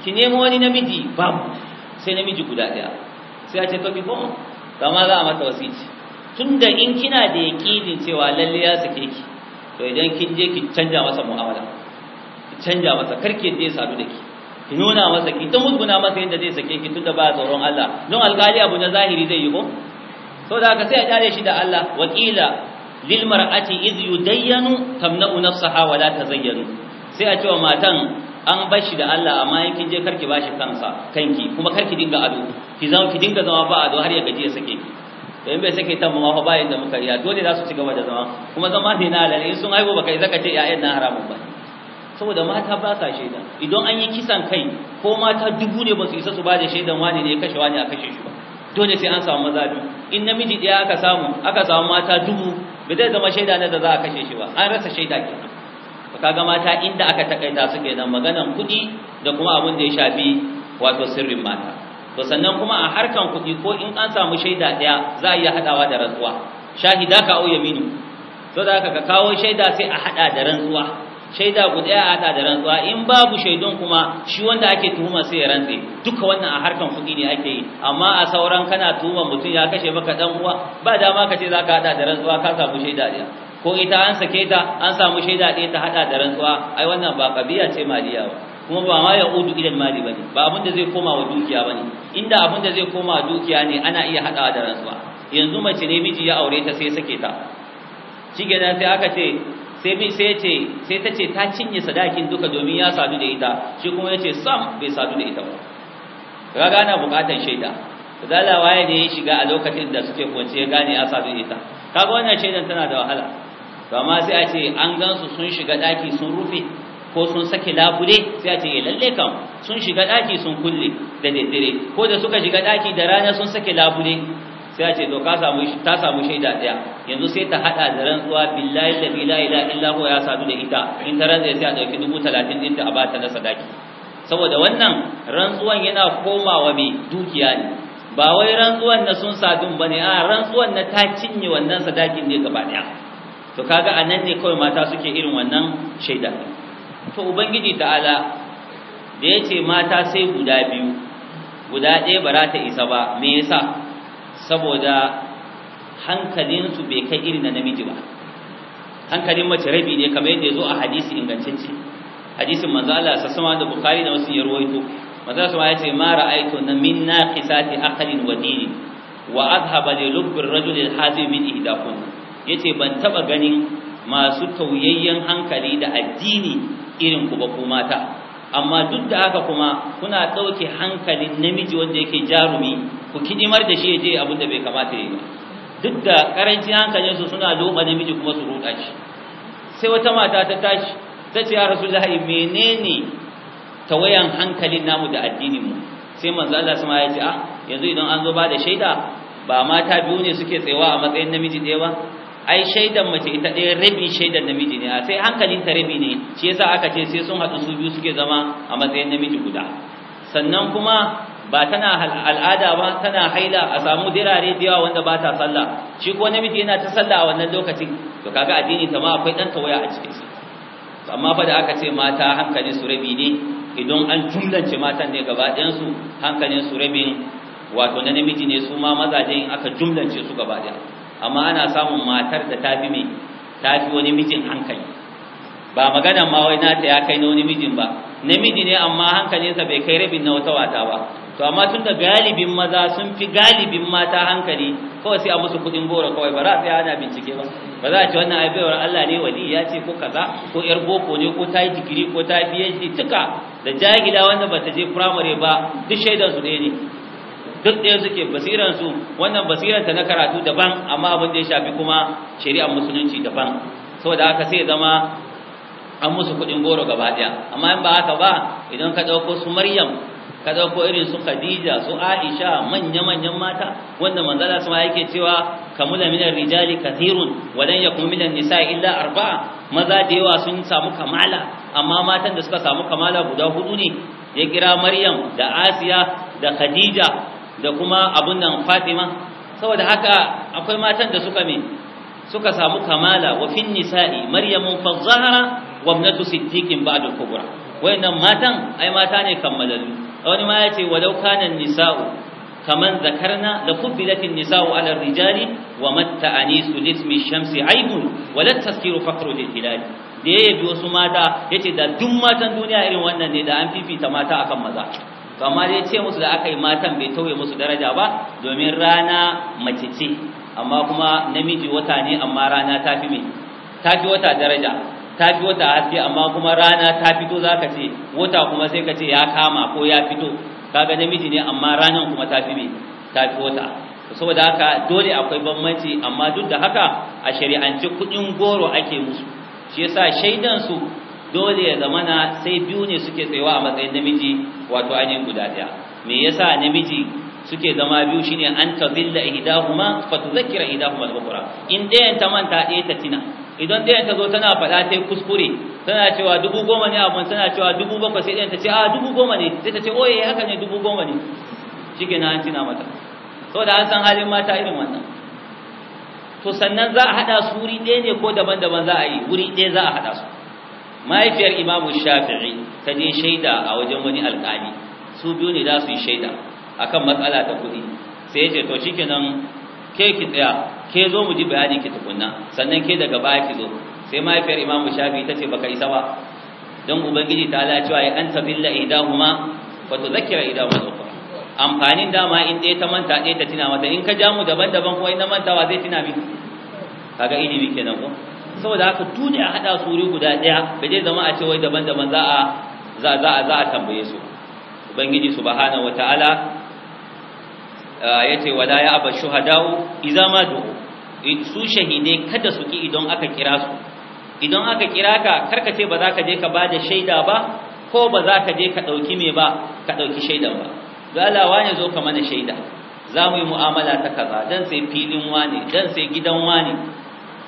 ki nemo wani namiji babu sai namiji guda ɗaya sai a ce to ki koma kama za a mata wasiti tunda in kina da yaƙinin cewa lalle ya sake ki to idan kin je ki canja masa mu'amala ki canja masa karki je sadu da ki ki nuna masa ki ta musguna masa yadda zai sake ki tunda ba tsoron Allah don alƙali abu na zahiri zai yi ko da haka sai a tare shi da Allah wakila lil mar'ati iz yudayyanu tamna'u nafsaha wa la tazayyanu sai a ce wa matan an bar shi da Allah amma in kin je karki bashi kansa kanki kuma karki dinga ado ki zama ki dinga zama ba ado har ya gaje ya sake in bai sake ta ma ba da muka riya dole za su ci gaba da zama kuma zama ne na halal in sun aibo baka zaka ce 'ya'yan na haramun ba saboda mata ba sa shaida idan an yi kisan kai ko mata dubu ne ba su isa su ba da shaidan wani ne ya kashe wani a kashe shi ba dole sai an samu maza biyu in namiji ɗaya aka samu aka samu mata dubu bai zai zama shaida ne da za a kashe shi ba an rasa shaida kenan kaga mata inda aka takaita su kenan maganan kuɗi da kuma abin da ya shafi wato sirrin mata to sannan kuma a harkan kuɗi ko in an samu shaida ɗaya za a iya haɗawa da rantsuwa shahida ka au yaminu to da ka kawo shaida sai a haɗa da rantsuwa shaida guda a haɗa da rantsuwa in babu shaidun kuma shi wanda ake tuhuma sai ya rantse duka wannan a harkan kuɗi ne ake yi amma a sauran kana tuhuma mutum ya kashe maka dan uwa ba dama ka ce za ka haɗa da rantsuwa ka samu shaida ɗaya ko ita an sake ta an samu shaida ɗaya ta haɗa da rantsuwa ai wannan ba ƙabiya ce maliya ba kuma ba ma ya udu ilal mali bane ba abin da zai koma wa dukiya bane inda abin da zai koma dukiya ne ana iya hadawa da rantsuwa yanzu mace ne miji ya aure ta sai sake ta shikenan sai aka ce sai mi sai ce sai ta ce ta cinye sadakin duka domin ya sadu da ita shi kuma yace sam bai sadu da ita ba kaga ana bukatar shaida zala waye ne ya shiga a lokacin da suke kwance ya gane a sadu da ita kaga wannan shaidan tana da wahala to amma sai a ce an gansu sun shiga daki sun rufe ko sun sake labule sai a ce ya eh, lalle kam sun shiga daki sun kulle da daddare ko da suka shiga daki da rana sun sake labule sai a ce to samu ta samu shaida daya yanzu sai ta hada da rantsuwa billahi la ilaha illa ya sadu da ita in ta rantsa sai a dauki 30 din ta a bata na sadaki saboda wannan rantsuwan yana komawa mai dukiya ne ba wai rantsuwan na sun sadun bane a rantsuwan na ta cinye wannan sadakin ne gaba daya to kaga anan ne kawai mata suke irin wannan shaida to ubangiji ta'ala da yace mata sai guda biyu guda ɗaya ba za ta isa ba me yasa saboda su bai kai irin na namiji ba hankalin mace rabi ne kamar yadda ya zo a hadisi ingantacce hadisin manzo Allah sa sama da bukhari da wasu yarwaito manzo Allah ya ce ma ra'aytu na min naqisati aqlin wa dinin wa adhaba li lubbi ar-rajuli al-hazim min ihdakun yace ban taba ganin masu tauyayyen hankali da addini irin ku ba ku mata amma duk da haka kuma kuna ɗauke hankalin namiji wanda yake jarumi ku kidimar da shi ya je abin da bai kamata ya yi duk da ƙarancin su suna loba namiji kuma su ruɗa shi sai wata mata ta tashi ta ce ya rasulullahi menene tawayan hankalin namu da addinin mu? sai manzo Allah sama ya ce ah yanzu idan an zo ba da shaida ba mata biyu ne suke tsayawa a matsayin namiji ɗaya ba ai shaidan mace ita ɗaya rabi shaidan namiji ne a sai hankalin ta rabi ne shi yasa aka ce sai sun haɗu su biyu suke zama a matsayin namiji guda sannan kuma ba tana al'ada ba tana haila a samu dirare da yawa wanda ba ta sallah shi ko namiji yana ta sallah a wannan lokacin to kaga addini ta ma akwai ɗan tawaya a cikin shi amma fa da aka ce mata hankalin su rabi ne idan an jumlance matan ne gaba ɗayan su hankalin su rabin wato na namiji ne su ma mazajen aka jumlance su gaba ɗaya amma ana samun matar da ta fi mai wani mijin hankali ba magana ma wai nata ya kai na wani mijin ba namiji ne amma hankalinsa bai kai rabin na wata wata ba to amma tun da galibin maza sun fi galibin mata hankali kawai sai a musu kudin goro kawai ba za a tsaya ana bincike ba ba za a ce wannan aibewar Allah ne wali ya ce ko kaza ko yar boko ne ko ta yi digiri ko ta yi da duka da jagila wanda ba ta je firamare ba duk shaidar su ne duk ɗaya suke basiran su wannan basiran ta na karatu daban amma abin da ya shafi kuma shari'ar musulunci daban saboda haka sai zama an musu kuɗin goro gaba ɗaya amma in ba haka ba idan ka ɗauko su maryam ka ɗauko irin su Khadija su Aisha manya-manyan mata wanda manzala su ma yake cewa kamula minar rijali kathirun walan yakun minan nisa illa arba'a maza da yawa sun samu kamala amma matan da suka samu kamala guda hudu ne ya kira Maryam da Asiya da Khadija da kuma abun nan Fatima saboda haka akwai matan da suka suka samu kamala wa fin nisa'i maryamun fa zahara wa ibnatu siddiqin ba'da kubra wayannan matan ai mata ne kammalalu wani ma yace walau kana nisa'u kaman zakarna la kubbilatin nisa'u ala rijali wa matta anisu lismi shamsi aibun wa la taskiru faqru lil hilal da yayi wasu mata yace da duk matan duniya irin wannan ne da an fifita mata akan maza to amma dai ce musu da aka yi matan bai tauye musu daraja ba domin rana mace ce amma kuma namiji wata ne amma rana ta fi mai. ta fi wata daraja ta fi wata haske amma kuma rana ta fito ka ce wata kuma sai ka ce ya kama ko ya fito kaga namiji ne amma ranan kuma ta fi mai. ta fi wata saboda haka dole akwai bambanci amma duk da haka a shari'ance kuɗin goro ake musu shi yasa shaidan su dole ya zamana sai biyu ne suke tsayawa a matsayin namiji wato ainihin guda daya me yasa namiji suke zama biyu shine an tazilla ihdahuma fa tudhakkira ihdahuma al-ukhra in dayan ta manta ɗaya ta tina idan dai ta zo tana faɗa ta kuskure tana cewa dubu goma ne abun tana cewa dubu bakwai sai dai ta ce a dubu goma ne sai ta ce oye haka ne dubu goma ne shike na an tina mata saboda an san halin mata irin wannan to sannan za a haɗa su wuri ɗaya ne ko daban-daban za a yi wuri ɗaya za a haɗa su mahaifiyar imamu shafi'i ta je shaida a wajen wani alƙali su biyu ne za su yi shaida akan matsala ta kuɗi sai ya ce to kenan ke ki tsaya ke zo mu ji bayani ki tukunna sannan ke daga baya ki zo sai mahaifiyar imamu shafi'i ta ce baka isa ba don ubangiji ta ala cewa an tabilla idahuma fa tudhakkira idahuma ukhra amfanin dama in ɗaya ta manta ɗaya ta tina mata in ka ja mu daban-daban kuma in na mantawa zai tina mi kaga ilimi kenan ko saboda haka tuni a hada su wuri guda daya ba zai zama a ce wai daban-daban za a za za za a tambaye su ubangiji subhanahu wataala yace wala ya aba shuhadau idza ma du su shahide kada su ki idan aka kira su idan aka kira ka karka ce ba za ka je ka bada shaida ba ko ba za ka je ka dauki me ba ka dauki shaida ba don Allah wani zo ka mana shaida za mu yi mu'amala ta kaza dan sai filin wani dan sai gidan wani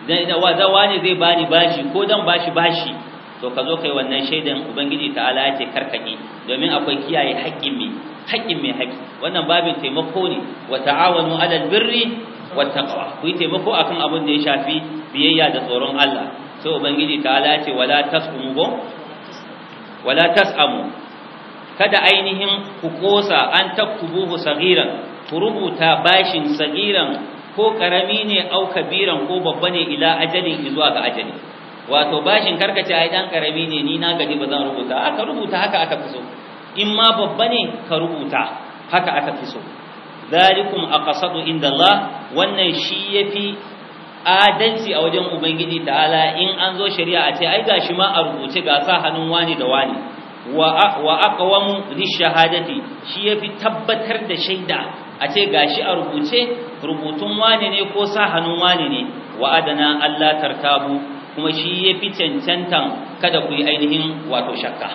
dan wa wani zai bani bashi ko dan bashi bashi to ka zo kai wannan shaidan ubangiji ta'ala yake karkake domin akwai kiyaye haƙƙin mai haƙƙin mai haƙƙi wannan babin taimako ne wa ta'awanu 'alal birri wat taqwa ku yi taimako akan abin da ya shafi biyayya da tsoron Allah sai ubangiji ta'ala ce wala tasqumu wala tasamu kada ainihin ku kosa an taktubuhu sagiran ku rubuta bashin sagiran ko karami ne au kabiran ko babba ne ila ajalin zuwa ga ajali wato bashin karkace ai dan karami ne ni na gaji bazan rubuta aka rubuta haka aka fi so in ma babba ne ka rubuta haka aka fi so zalikum aqsadu inda Allah wannan shi yafi adalci a wajen ubangiji ta'ala in an zo shari'a a ce ai gashi ma a rubuce ga sa hannun wani da wani wa aqwamu lishahadati shi yafi tabbatar da shaida a ce gashi a rubuce rubutun wane ne ko sa hannun wane ne wa'adana Allah tarkabu kuma shi ya fi cancantan kada ku yi ainihin wato shakka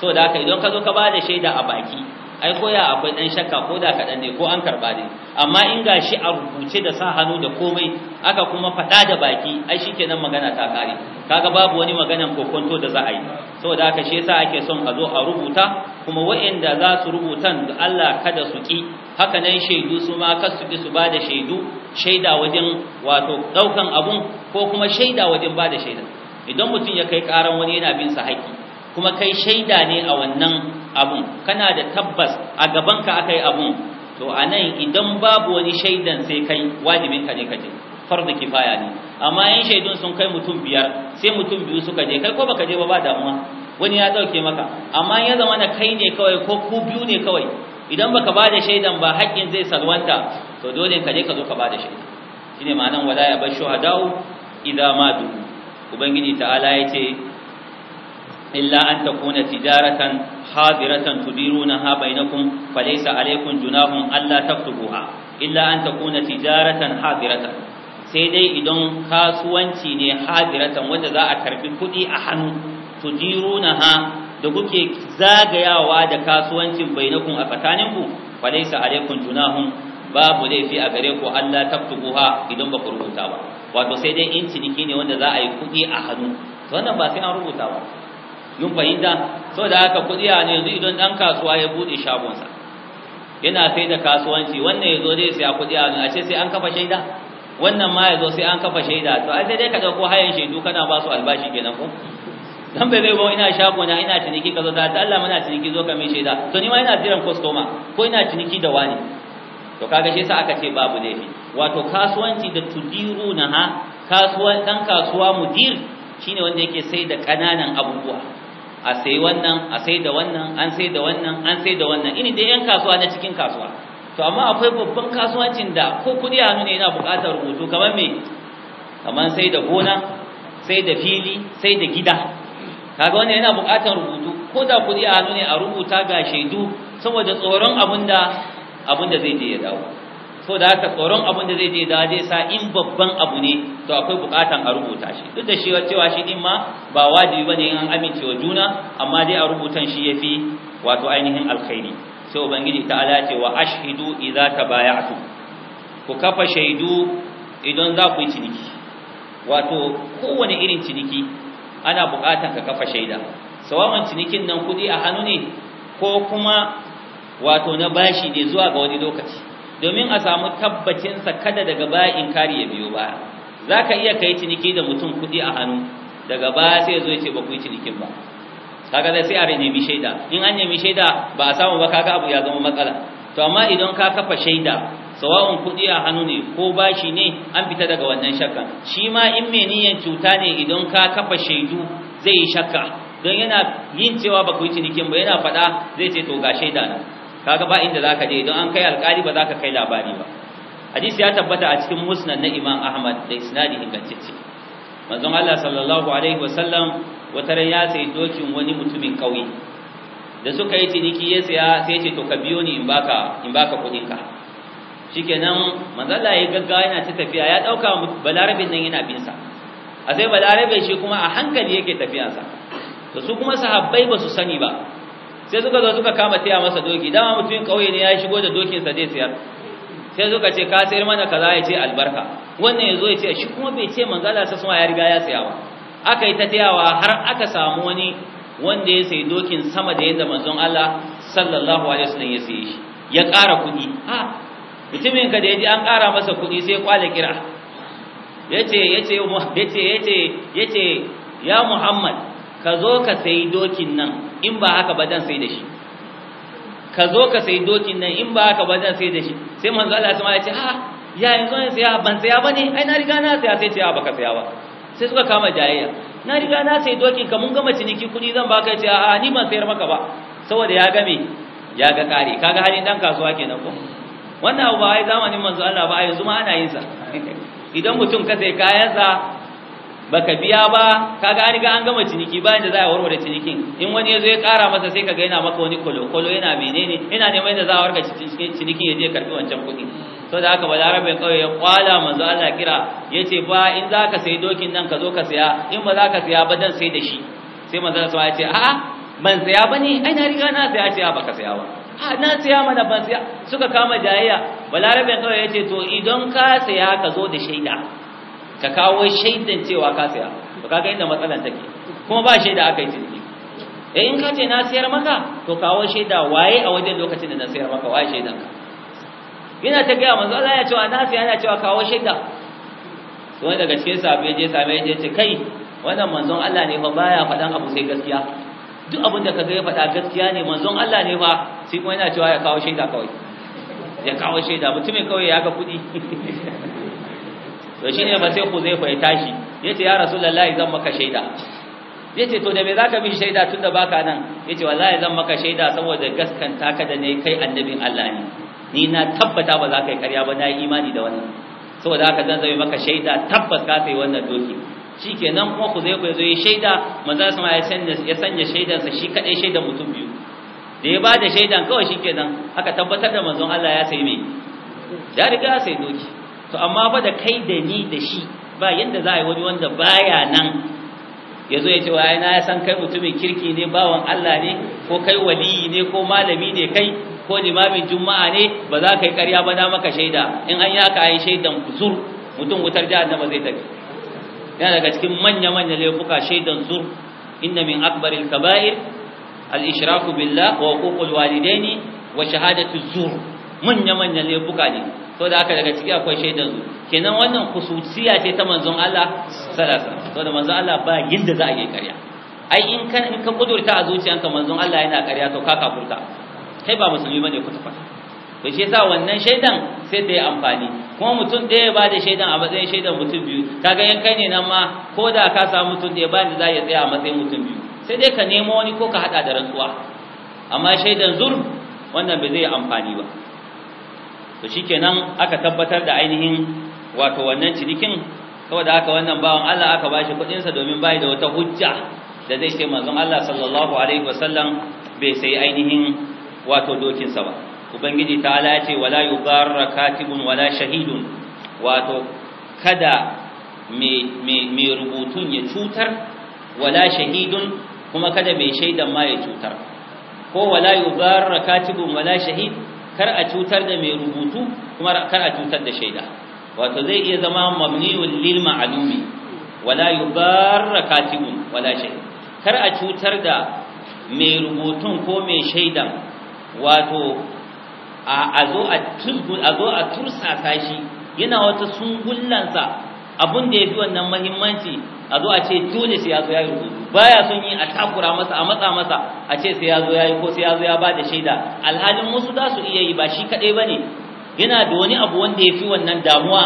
saboda haka idan ka zo ka bada shaida a baki ai koya akwai dan shakka ko da kaɗan ne ko an karɓa ne amma in ga shi a rubuce da sa hannu da komai aka kuma faɗa da baki ai shi kenan magana ta kare kaga babu wani maganan kokonto da za a yi saboda haka shi yasa ake son a zo a rubuta kuma wa'anda za su rubutan da Allah kada su ki haka nan shaidu su ma kas su ki su ba da shaidu shaida wajen wato ɗaukan abun ko kuma shaida wajen bada shaida idan mutum ya kai ƙaran wani yana bin sa haƙƙi kuma kai shaida ne a wannan abun kana da tabbas a gabanka aka yi abun to a nan idan babu wani shaidan sai kai wajibinka ne ka je fardu kifaya ne amma yan shaidun sun kai mutum biyar sai mutum biyu suka je kai ko baka je ba ba damuwa wani ya dauke maka amma ya zama na kai ne kawai ko ku biyu ne kawai idan baka bada shaidan ba haƙƙin zai salwanta to dole ka je ka zo ka bada shaidan shine ma'anan wala ya bar shuhada'u idza madu ubangiji ta'ala ce. illa an takuna tijaratan hadiratan tudirunaha bainakum falaysa alaykum junahun alla taktubuha illa an takuna tijaratan hadiratan sai dai idan kasuwanci ne hadiratan wanda za a karbi kuɗi a hannu tudirunaha da kuke zagayawa da kasuwancin bainakun a tsakaninku falaisa alaikum junahum babu laifi a gare ku Allah taktubuha idan baku rubuta ba wato sai dai in ciniki ne wanda za a yi kuɗi a hannu to wannan ba sai an rubuta ba mun fahimta da haka kuɗi a ne yanzu idan ɗan kasuwa ya bude shagonsa yana sai da kasuwanci wannan ya zo zai a kudi a ne a ce sai an kafa shaida wannan ma ya zo sai an kafa shaida to ai sai dai ka ɗauko hayan shaidu kana ba su albashi kenan ko dan bai bai ba ina shago na ina ciniki kaza da Allah muna ciniki zo ka mai shaida to ni ma ina jiran customer ko ina ciniki da wani to kaga shi sa aka ce babu laifi wato kasuwanci da tudiru na ha kasuwa dan kasuwa mudir shine wanda yake sai da kananan abubuwa a sai wannan a sai da wannan an sai da wannan an sai da wannan ini dai yan kasuwa na cikin kasuwa to amma akwai babban kasuwancin da ko kudi hannu ne yana buƙatar rubutu kamar me kamar sai da gona sai da fili sai da gida kaga wannan yana buƙatar rubutu ko da kudi hannu ne a rubuta ga shaidu saboda tsoron abinda abinda zai je ya dawo so da haka tsoron abin da zai je da zai sa in babban abu ne to akwai bukatan a rubuta shi duk da shi cewa shi din ma ba wajibi bane in an amince wa juna amma dai a rubutan shi yafi wato ainihin alkhairi sai ubangiji ta ala ce wa ashhidu idza tabaya'tu ku kafa shaidu idan za ku yi ciniki wato kowane irin ciniki ana bukatan ka kafa shaida sawawan cinikin nan kudi a hannu ne ko kuma wato na bashi ne zuwa ga wani lokaci domin a samu tabbacinsa kada daga baya inkari ya biyo baya za ka iya kai ciniki da mutum kuɗi a hannu daga baya sai ya zo ba ku cinikin ba kaga sai a nemi shaida in an nemi shaida ba a samu ba kaga abu ya zama matsala to amma idan ka kafa shaida sawa'un kuɗi a hannu ne ko bashi ne an fita daga wannan shakka shi ma in mai niyyar cuta ne idan ka kafa shaidu zai yi shakka don yana yin cewa ba ku cinikin ba yana faɗa zai ce to ga shaida na kaga ba inda zaka je don an kai alkali ba zaka kai labari ba hadisi ya tabbata a cikin musnad na Imam Ahmad da isnadi ingantacce manzon Allah sallallahu alaihi wasallam ran ya sai dokin wani mutumin kauye da suka yi ciniki ya saya sai ce to ka biyo ni in baka in baka kudin ka shikenan manzon Allah ya gaggawa yana ta tafiya ya dauka balarabin nan yana bin sa a sai balarabe shi kuma a hankali yake tafiyansa to su kuma sahabbai ba su sani ba sai suka zo suka kama taya masa doki dama mutumin kauye ne ya shigo da dokin sa zai siyar sai suka ce ka sayar mana kaza ya ce albarka wannan yazo ya ce shi kuma bai ce manzala sai suma ya riga ya saya ba aka yi ta tayawa har aka samu wani wanda ya sayi dokin sama da yadda manzon Allah sallallahu alaihi wasallam ya saye shi ya ƙara kuɗi ha mutumin ka da ya an ƙara masa kuɗi sai ya kwale kira yace yace yace yace yace ya Muhammad ka zo ka sayi dokin nan in ba haka ba zan sai da shi ka zo ka sai dokin nan in ba haka ba zan sai da shi sai manzo Allah ya ce a ah, ya yanzu an saya ban saya ba ne ai na riga na saya sai ce ah, ba ka saya ba sai suka kama jayayya na riga na sai dokin ka mun gama ciniki kudi zan ba ka ce a ni ban sayar maka ba saboda ya game ya ga kare kaga halin dan kasuwa kenan ko wannan abu ba ai zamanin manzo Allah ba yanzu ma ana yin sa idan mutum ka sai kayansa baka biya ba kaga an ga an gama ciniki bayan da za a warware cinikin in wani yazo ya kara masa sai kaga yana maka wani kolo kolo yana menene yana neman da za a warka cinikin ya je karbi wancan kuɗi to da haka balarabe kawai ya kwala manzo Allah kira yace fa in za ka sayi dokin nan ka zo ka saya in ba za ka saya ba dan sai da shi sai manzo Allah ya ce a'a ban saya bane ai na riga na saya ce ba ka saya ba a na saya mana ban saya suka kama jayayya balarabe kawai yace to idan ka saya ka zo da shaida Ka kawo shaidan cewa ka saya to kaga inda matsalan take kuma ba shaida aka yi ciniki eh in ka ce na sayar maka to kawo shaida waye a wajen lokacin da na sayar maka waye shaidan ka yana ta gaya manzo Allah ya ce na saya yana cewa kawo shaida to wanda daga cikin sahabbai je sahabbai je ce kai wannan manzon Allah ne fa baya faɗan abu sai gaskiya duk abin da kaga ya faɗa gaskiya ne manzon Allah ne fa sai kuma yana cewa ya kawo shaida kawai ya kawo shaida mutumin kawai ya ga kuɗi to shi ne ba sai Huzaifa ya tashi yace ya Rasulullahi zan maka shaida yace to da me zaka bi shaida tunda baka nan yace wallahi zan maka shaida saboda gaskanta ka da ne kai annabin Allah ne ni na tabbata ba za ka yi karya ba na yi imani da wannan saboda haka zan zai maka shaida tabbas ka sai wannan doki shikenan kuma Huzaifa ya zo ya shaida manzo sama ya sanya ya sanya shaidansa shi kadai shaidan mutum biyu da ya ba da shaidan kawai shikenan haka tabbatar da manzon Allah ya sai me ya riga sai doki to amma fa da kai da ni da shi ba yadda za a yi wani wanda baya nan ya zo ya ce wa na ya san kai mutumin kirki ne bawan Allah ne ko kai waliyi ne ko malami ne kai ko limamin juma'a ne ba za ka yi karya ba da maka shaida in an yi aka yi shaidan zur mutum wutar ba zai tafi yana daga cikin manya-manya laifuka shaidan zur inna min akbaril kaba'ir al-ishraku billah wa huququl walidaini wa shahadatu zur manya-manya laifuka ne to da aka daga ciki akwai shaidan su kenan wannan kususiya ce ta manzon Allah sallallahu to da manzon Allah ba yinda za a yi ƙarya ai in kan in ka kudurta a zuciyanka manzon Allah yana ƙarya to ka kafurta kai ba musulmi bane ku tafa to shi yasa wannan shaidan sai da ya amfani kuma mutum ɗaya ba da shaidan a matsayin shaidan mutum biyu kaga yan kai ne nan ma ko da ka samu mutum ɗaya ba ni za ya tsaya a matsayin mutum biyu sai dai ka nemo wani ko ka hada da rantsuwa amma shaidan zur wannan bai zai amfani ba to shikenan aka tabbatar da ainihin wato wannan cinikin saboda aka wannan bawan Allah aka bashi kuɗin sa domin bai da wata hujja da zai ce manzon Allah sallallahu alaihi wasallam bai sai ainihin wato dokin sa ba ubangiji ta ala ce wala yudarra katibun wala shahidun wato kada mai rubutun ya cutar wala shahidun kuma kada mai shaidan ma ya cutar ko wala yudarra katibun wala shahid kar a cutar da mai rubutu kuma kar a cutar da shaida wato zai iya zama mabni'un lil ma'lumi wala yubarra katibun wala shay kar a cutar da mai rubutun ko mai shaidan wato a zo a tursa shi yana wata sungullansa abun da yafi wannan muhimmanci a zo a ce dole sai ya zo ya yi rubutu baya son yi a takura masa a matsa masa a ce sai ya zo yi ko sai ya zo ya ba da shaida alhalin musu za su iya yi ba shi kaɗai ba ne yana da wani abu wanda ya fi wannan damuwa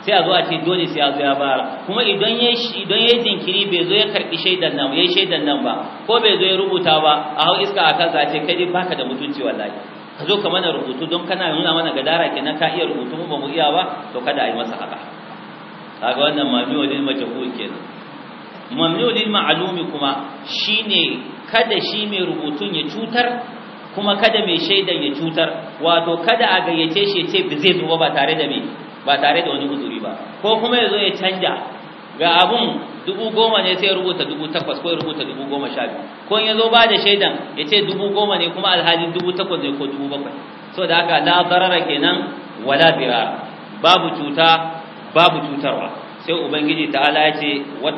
sai a zo a ce dole sai ya zo ya bara kuma idan ya idan ya jinkiri bai zo ya karbi shaidan nan yayi shaidan nan ba ko bai zo ya rubuta ba a hau iska a kansa ce kai baka da mutunci wallahi ka zo ka mana rubutu don kana nuna mana gadara kenan ka iya rubutu mu ba mu iya ba to kada a yi masa haka kaga wannan mamnu mace ko kenan mamnu ma'lumi kuma shine kada shi mai rubutun ya cutar kuma kada mai shaidan ya cutar wato kada a gayyace shi ce ba zai zo ba tare da me ba tare da wani uzuri ba ko kuma ya zo ya canja ga abun dubu goma ne sai rubuta dubu takwas ko rubuta dubu goma sha biyu ko ya zo ba da shaidan ya ce dubu goma ne kuma alhalin dubu takwas ne ko dubu bakwai so da haka la zarara kenan wala birar babu cuta babu cutarwa sai ubangiji ta'ala ya ce uh,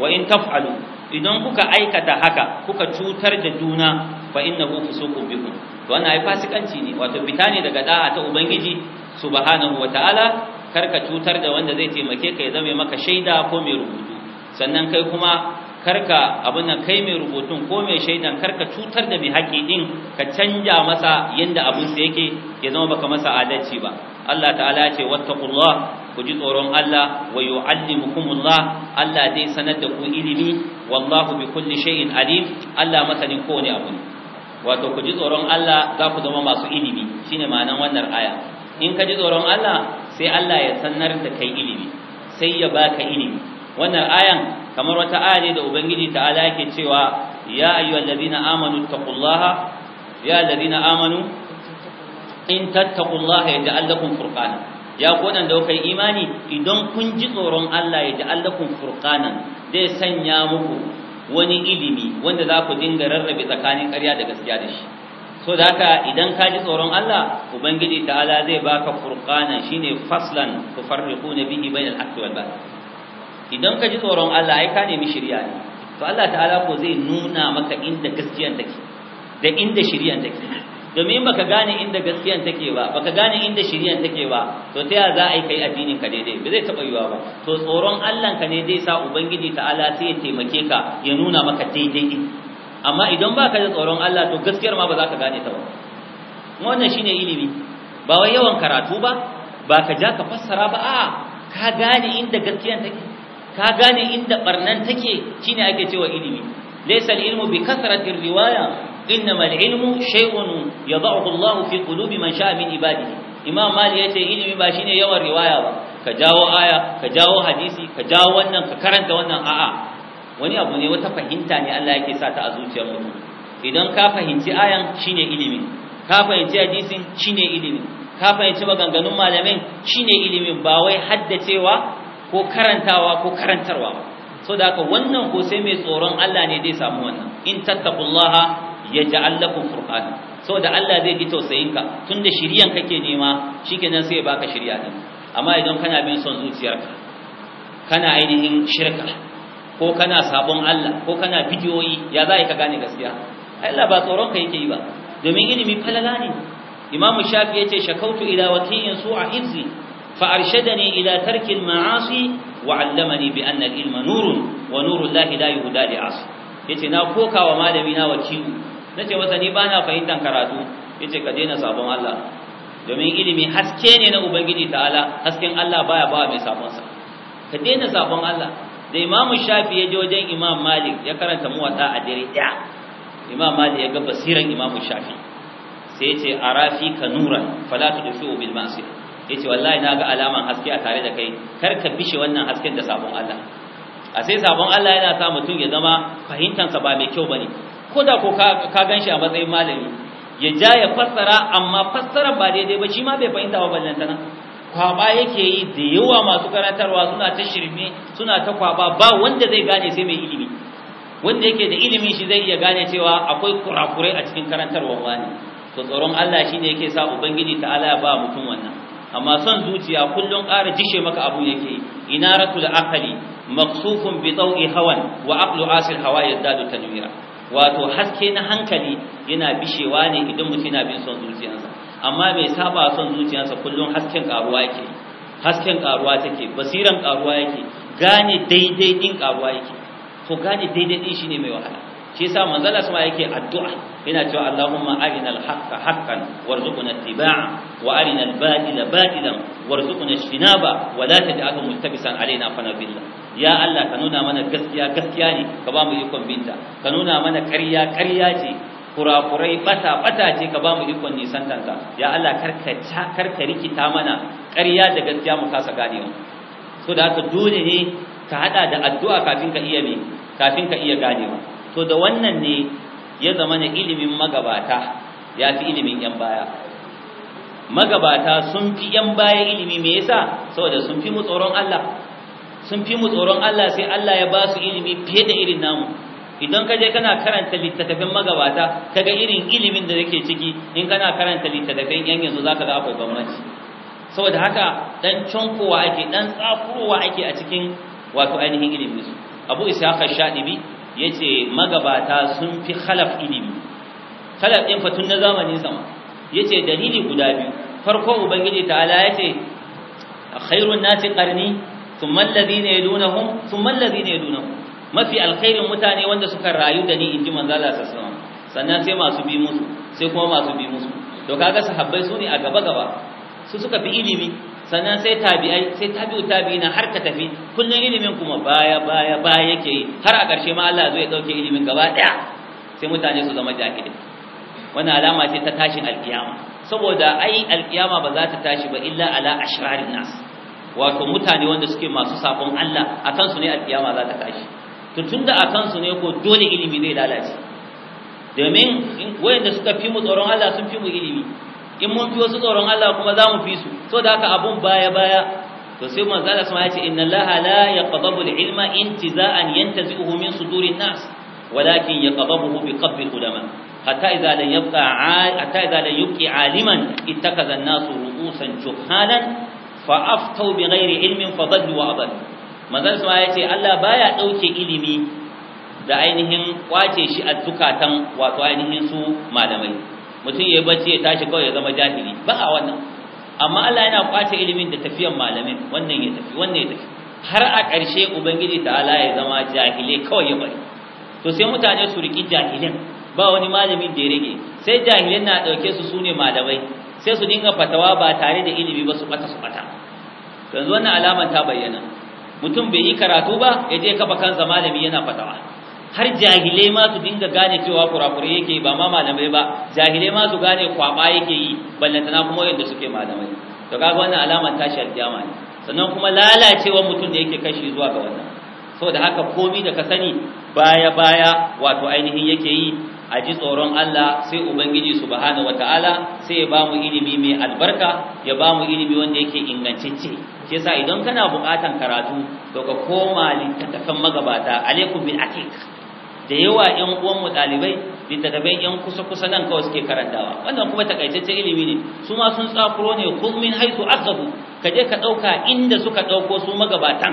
wa in taf'alu idan kuka aikata haka kuka cutar da juna fa innahu fusuqu bikum to wannan ai fasikanci ne wato Bitani daga da'a ta ubangiji subhanahu wataala karka cutar da wanda zai taimake ka ya zame maka shaida ko mai rubutu sannan kai kuma karka abin nan kai mai rubutun ko mai shaidan karka cutar da mai haƙi din ka canja masa yadda abin sa yake ya zama baka masa adalci ba Allah ta'ala ce wattaqullah ku ji tsoron Allah wa yu'allimukumullah Allah zai sanar da ku ilimi wallahu bi kulli shay'in alim Allah masanin kowane abu wato ku ji tsoron Allah za ku zama masu ilimi shine ma'anar wannan aya in ka ji tsoron Allah sai Allah ya sanar da kai ilimi sai ya baka ilimi wannan ayan kamar wata aya ne da ubangiji ta'ala yake cewa ya ayyuhallazina amanu taqullaha ya allazina amanu in tattaqullaha yaj'al lakum furqana ya kodan da kai imani idan kun ji tsoron Allah ya ja'al lakum furqanan zai sanya muku wani ilimi wanda za ku dinga rarrabe tsakanin ƙarya da gaskiya da shi so da haka idan ka ji tsoron Allah ubangiji ta'ala zai baka furqanan shine faslan tufarriquna bihi bainal haqqi wal batil idan ka ji tsoron Allah ai ka nemi shari'a ne to Allah ta'ala ko zai nuna maka inda gaskiyan take da inda shari'an take domin baka gane inda gaskiyan take ba baka gane inda shari'an take ba to ta za a yi kai addinin ka daidai ba zai taba yiwa ba to tsoron Allah ka ne zai sa ubangiji ta'ala sai ya taimake ka ya nuna maka daidai amma idan baka da tsoron Allah to gaskiyar ma ba za ka gane ta ba wannan shine ilimi ba wai yawan karatu ba ba ka ja ka fassara ba a'a ka gane inda gaskiyan take ka gane inda barnan take shine ake cewa ilimi laysa al-ilmu bi kasrati riwaya innama al-ilmu shay'un yad'uhu Allah fi qulubi man sha'a min ibadihi imam mali yace ilimi ba shine yawan riwaya ba ka jawo aya ka jawo hadisi ka jawo wannan ka karanta wannan a'a wani abu ne wata fahimta ne Allah yake sa ta a zuciyar mutum idan ka fahimci ayan shine ilimi ka fahimci hadisin shine ilimi ka fahimci maganganun malamin shine ilimin ba wai haddacewa ko karantawa ko karantarwa ba so da haka wannan ko sai mai tsoron Allah ne zai samu wannan in tattaqullaha yaj'al lakum furqana so da Allah zai ji tausayin ka tunda shiriyan kake nema shikenan sai ya baka shirya din amma idan kana bin son zuciyarka kana ainihin shirka ko kana sabon Allah ko kana bidiyoyi ya za ka gane gaskiya Allah ba tsoron ka yake yi ba domin ilimi falala ne imamu shafi yace shakautu ila wakiyin su'a hifzi فأرشدني إلى ترك المعاصي وعلمني بأن العلم نور ونور الله لا يهدى لعاصي yace na koka wa malami na wakilu nace masa ni bana fahimtar karatu yace ka daina sabon Allah domin ilimi haske ne na ubangiji ta'ala hasken Allah baya bawa mai sabon sa ka daina sabon Allah da Imam Shafi ya je wajen Imam Malik ya karanta muwatta a dare ɗaya. Imam Malik ya ga basiran Imam Shafi sai yace arafi ka nuran fala tudfi'u bil ma'siyah yace wallahi na ga alaman haske a tare da kai kar ka bishe wannan hasken da sabon Allah a sai sabon Allah yana sa mutum ya zama fahimtar fahimtansa ba mai kyau bane ko da ko ka ganshi a matsayin malami ya ja ya fassara amma fassara ba daidai ba shi ma bai fahimta ba ballan tana kwaba yake yi da yawa masu karantarwa suna ta shirme suna ta kwaba ba wanda zai gane sai mai ilimi wanda yake da ilimi shi zai iya gane cewa akwai kurakurai a cikin karantarwa wani to tsoron Allah shine yake sa ubangiji ta'ala ya ba mutum wannan amma son zuciya kullum ƙara jishe maka abu yake ina da akali maqsufun bi dawi hawan wa aqlu asil hawa yaddadu tanwira wato haske na hankali yana bishewa ne idan mutum yana bin son zuciyarsa amma mai saba son zuciyarsa kullum hasken karuwa yake hasken karuwa take basiran karuwa yake gane daidai din karuwa yake to gane daidai din shine mai wahala shi yasa manzala sama yake addu'a yana cewa Allahumma arinal haqqa haqqan warzuqna ittiba'a wa arinal batila batilan warzuqna ijtinaba wa la taj'alhu mustabisan alaina fanadilla ya Allah ka nuna mana gaskiya gaskiya ne ka ba mu ikon binta ka nuna mana ƙarya ƙarya ce kurakurai bata bata ce ka ba mu ikon nisan tanta ya Allah karka karka rikita mana ƙarya da gaskiya mu kasa gane ganewa so da haka dole ne ka hada da addu'a kafin ka iya me kafin ka iya ganewa to da wannan ne ya zama ne ilimin magabata ya fi ilimin yan baya magabata sun fi yan baya ilimi me yasa saboda sun fi mu tsoron Allah sun fi mu tsoron Allah sai Allah ya ba su ilimi fiye da irin namu idan ka je kana karanta littattafin magabata kaga irin ilimin da yake ciki in kana karanta littattafan yan yanzu zaka ga akwai gwamnati saboda haka dan cankowa ake dan tsafurowa ake a cikin wato ainihin ilimin su Abu Ishaq bi? yace magabata sun fi khalaf ilimi khalaf din fatun na zamani sama yace dalili guda biyu farko ubangiji ta'ala yace khairun nasi qarni thumma alladhina yadunhum thumma alladhina yadunhum mafi alkhairin mutane wanda suka rayu da ni inji manzala Allah sallallahu alaihi wasallam sannan sai masu bi musu sai kuma masu bi musu to kaga sahabbai su ne a gaba gaba su suka fi ilimi sannan sai tabi'ai sai tabi'u tabi'ina har ka tafi kullun ilimin kuma baya baya baya yake yi har a ƙarshe ma Allah zai dauke ilimin gaba daya sai mutane su zama jahilai wannan alama ce ta tashin alkiyama saboda ai alkiyama ba za ta tashi ba illa ala ashrarin nas wato mutane wanda suke masu sabon Allah akan su ne alkiyama za ta tashi to tunda akan su ne ko dole ilimi zai lalace domin wayanda suka fi mu tsoron Allah sun fi mu ilimi in mun fi wasu tsoron Allah kuma za mu fi su so da haka abun baya baya to sai manzo Allah sama ya ce inna Allah la yaqbabu al-ilma intiza'an yantazi'uhu min sudurin nas walakin yaqbabuhu bi qabbi al-ulama hatta idza lam yabqa hatta idza lam yubqi 'aliman ittakaza an-nas ru'usan juhalan fa aftau bi ghairi ilmin fa dallu wa abad manzo sama ya ce Allah baya dauke ilimi da ainihin kwace shi a dukatan wato ainihin su malamai mutum ya bacci ya tashi kawai ya zama jahili ba a wannan amma Allah yana kwace ilimin da tafiyan malamin wannan ya tafi wannan ya tafi har a ƙarshe ubangiji ta'ala ya zama jahile kawai ya bari to sai mutane su riki jahilin ba wani malamin da ya rage sai jahilin na ɗauke su sune malamai sai su dinga fatawa ba tare da ilimi ba su bata su bata yanzu wannan alaman ta bayyana mutum bai yi karatu ba ya je kafa kansa malami yana fatawa har jahilai ma su dinga gane cewa kurakure yake ba ma malamai ba jahilai ma su gane kwaba yake yi ballantana kuma yadda suke malamai to kaga wannan alamar tashi aljama ne sannan kuma lalacewa mutum da yake kashi zuwa ga wannan saboda haka komi da ka sani baya baya wato ainihin yake yi a ji tsoron Allah sai ubangiji subhanahu wataala sai ya bamu ilimi mai albarka ya bamu ilimi wanda yake ingantacce shi yasa idan kana bukatan karatu to ka koma littattafan magabata alaikum bil aqiq da yawa 'yan uwanmu ɗalibai littattafai 'yan kusa-kusa nan kawai suke karantawa wannan kuma takaitaccen ilimi ne su ma sun tsakuro ne kun min haitu azabu ka je ka ɗauka inda suka ɗauko su magabatan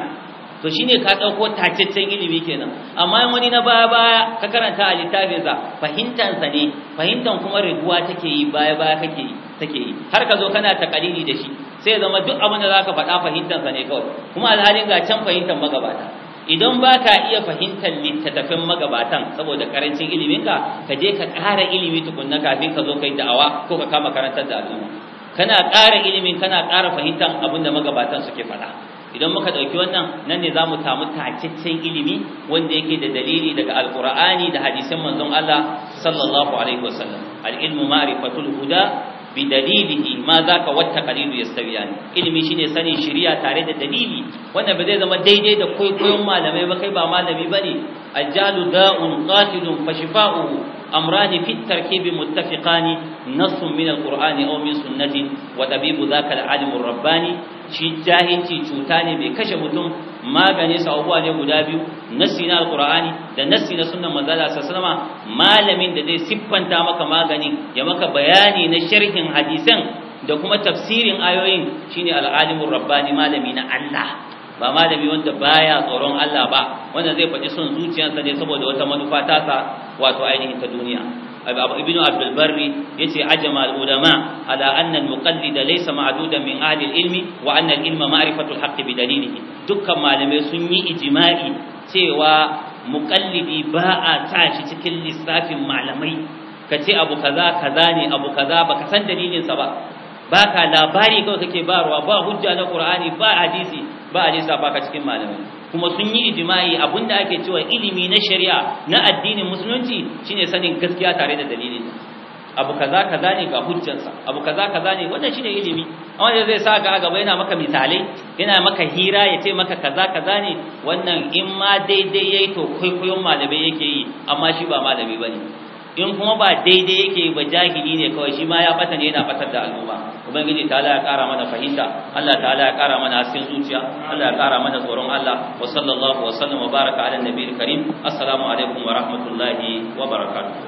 to shine ka ɗauko tacaccen ilimi kenan amma wani na baya baya ka karanta a littafinsa fahimtansa ne fahimtan kuma riguwa take yi baya baya kake yi take yi har ka zo kana takalili da shi sai zama duk abin da zaka faɗa fahimtansa ne kawai kuma alhalin ga can fahimtan magabata idan ba ka iya fahimtar littattafin magabatan saboda karancin iliminka ka je ka ƙara ilimi tukunna kafin ka zo kai da'awa ko ka kama karantar da al'umma kana ƙara ilimin kana ƙara fahimtar abin da magabatan suke faɗa idan muka ɗauki wannan nan ne za mu samu ilimi wanda yake da dalili daga alƙur'ani da hadisin manzon Allah sallallahu alaihi wasallam al-ilmu ma'rifatul huda bi dalilihi za ka wata sauya yastawiyani ilimi shine sanin shiriya tare da dalili wanda ba zai zama daidai da kwaikwayon malamai ba kai ba malami bane ajalu da'un qatilun fa amrani fi tarkibi ne nasu min alqur'ani aw min sunnati wa tabibu zaka al-alim ar-rabbani shi jahilci cuta ne bai kashe mutum Maganin su abubuwa ne guda biyu nassi na alqur'ani da nassi na sunnan manzala sallama malamin da zai siffanta maka magani ya maka bayani na sharhin hadisan da kuma tafsirin ayoyin shine al'alimur rabbani malami na Allah ba malami wanda baya tsoron Allah ba wanda zai faɗi son zuciyarsa ne saboda wata manufa ta wato ainihin ta duniya ibn abdul barri yace ajama al a ala anna al muqallida laysa ma'dudan min ahli ilmi wa anna ilma ma'rifatu al bi dalilihi dukkan malamai sun yi ijma'i cewa muqallidi ba a tashi cikin lissafin malamai kace abu kaza kaza ne abu kaza baka san dalilinsa ba baka labari kawai kake barwa ba hujja na qur'ani ba hadisi ba hadisa ka cikin malamai kuma sun yi jima'i abinda ake cewa ilimi na shari'a na addinin musulunci shine sanin gaskiya tare da dalilin abu kaza kaza ne ga hujjansa abu kaza kaza ne wannan shine ilimi amma da zai saka a gaba yana maka misalai yana maka hira ya ce maka kaza kaza ne wannan in ma daidai yayi to kwaikwayon malamai yake yi amma shi ba malami bane in kuma ba daidai yake ba jahili ne kawai shi ma ya fata ne yana fatar da al'umma ubangiji ta'ala ya kara mana fahimta Allah ta'ala ya kara mana hasken zuciya Allah ya kara mana tsoron Allah wa sallallahu wa sallam wa baraka ala nabiyil karim assalamu alaikum wa rahmatullahi wa barakatuh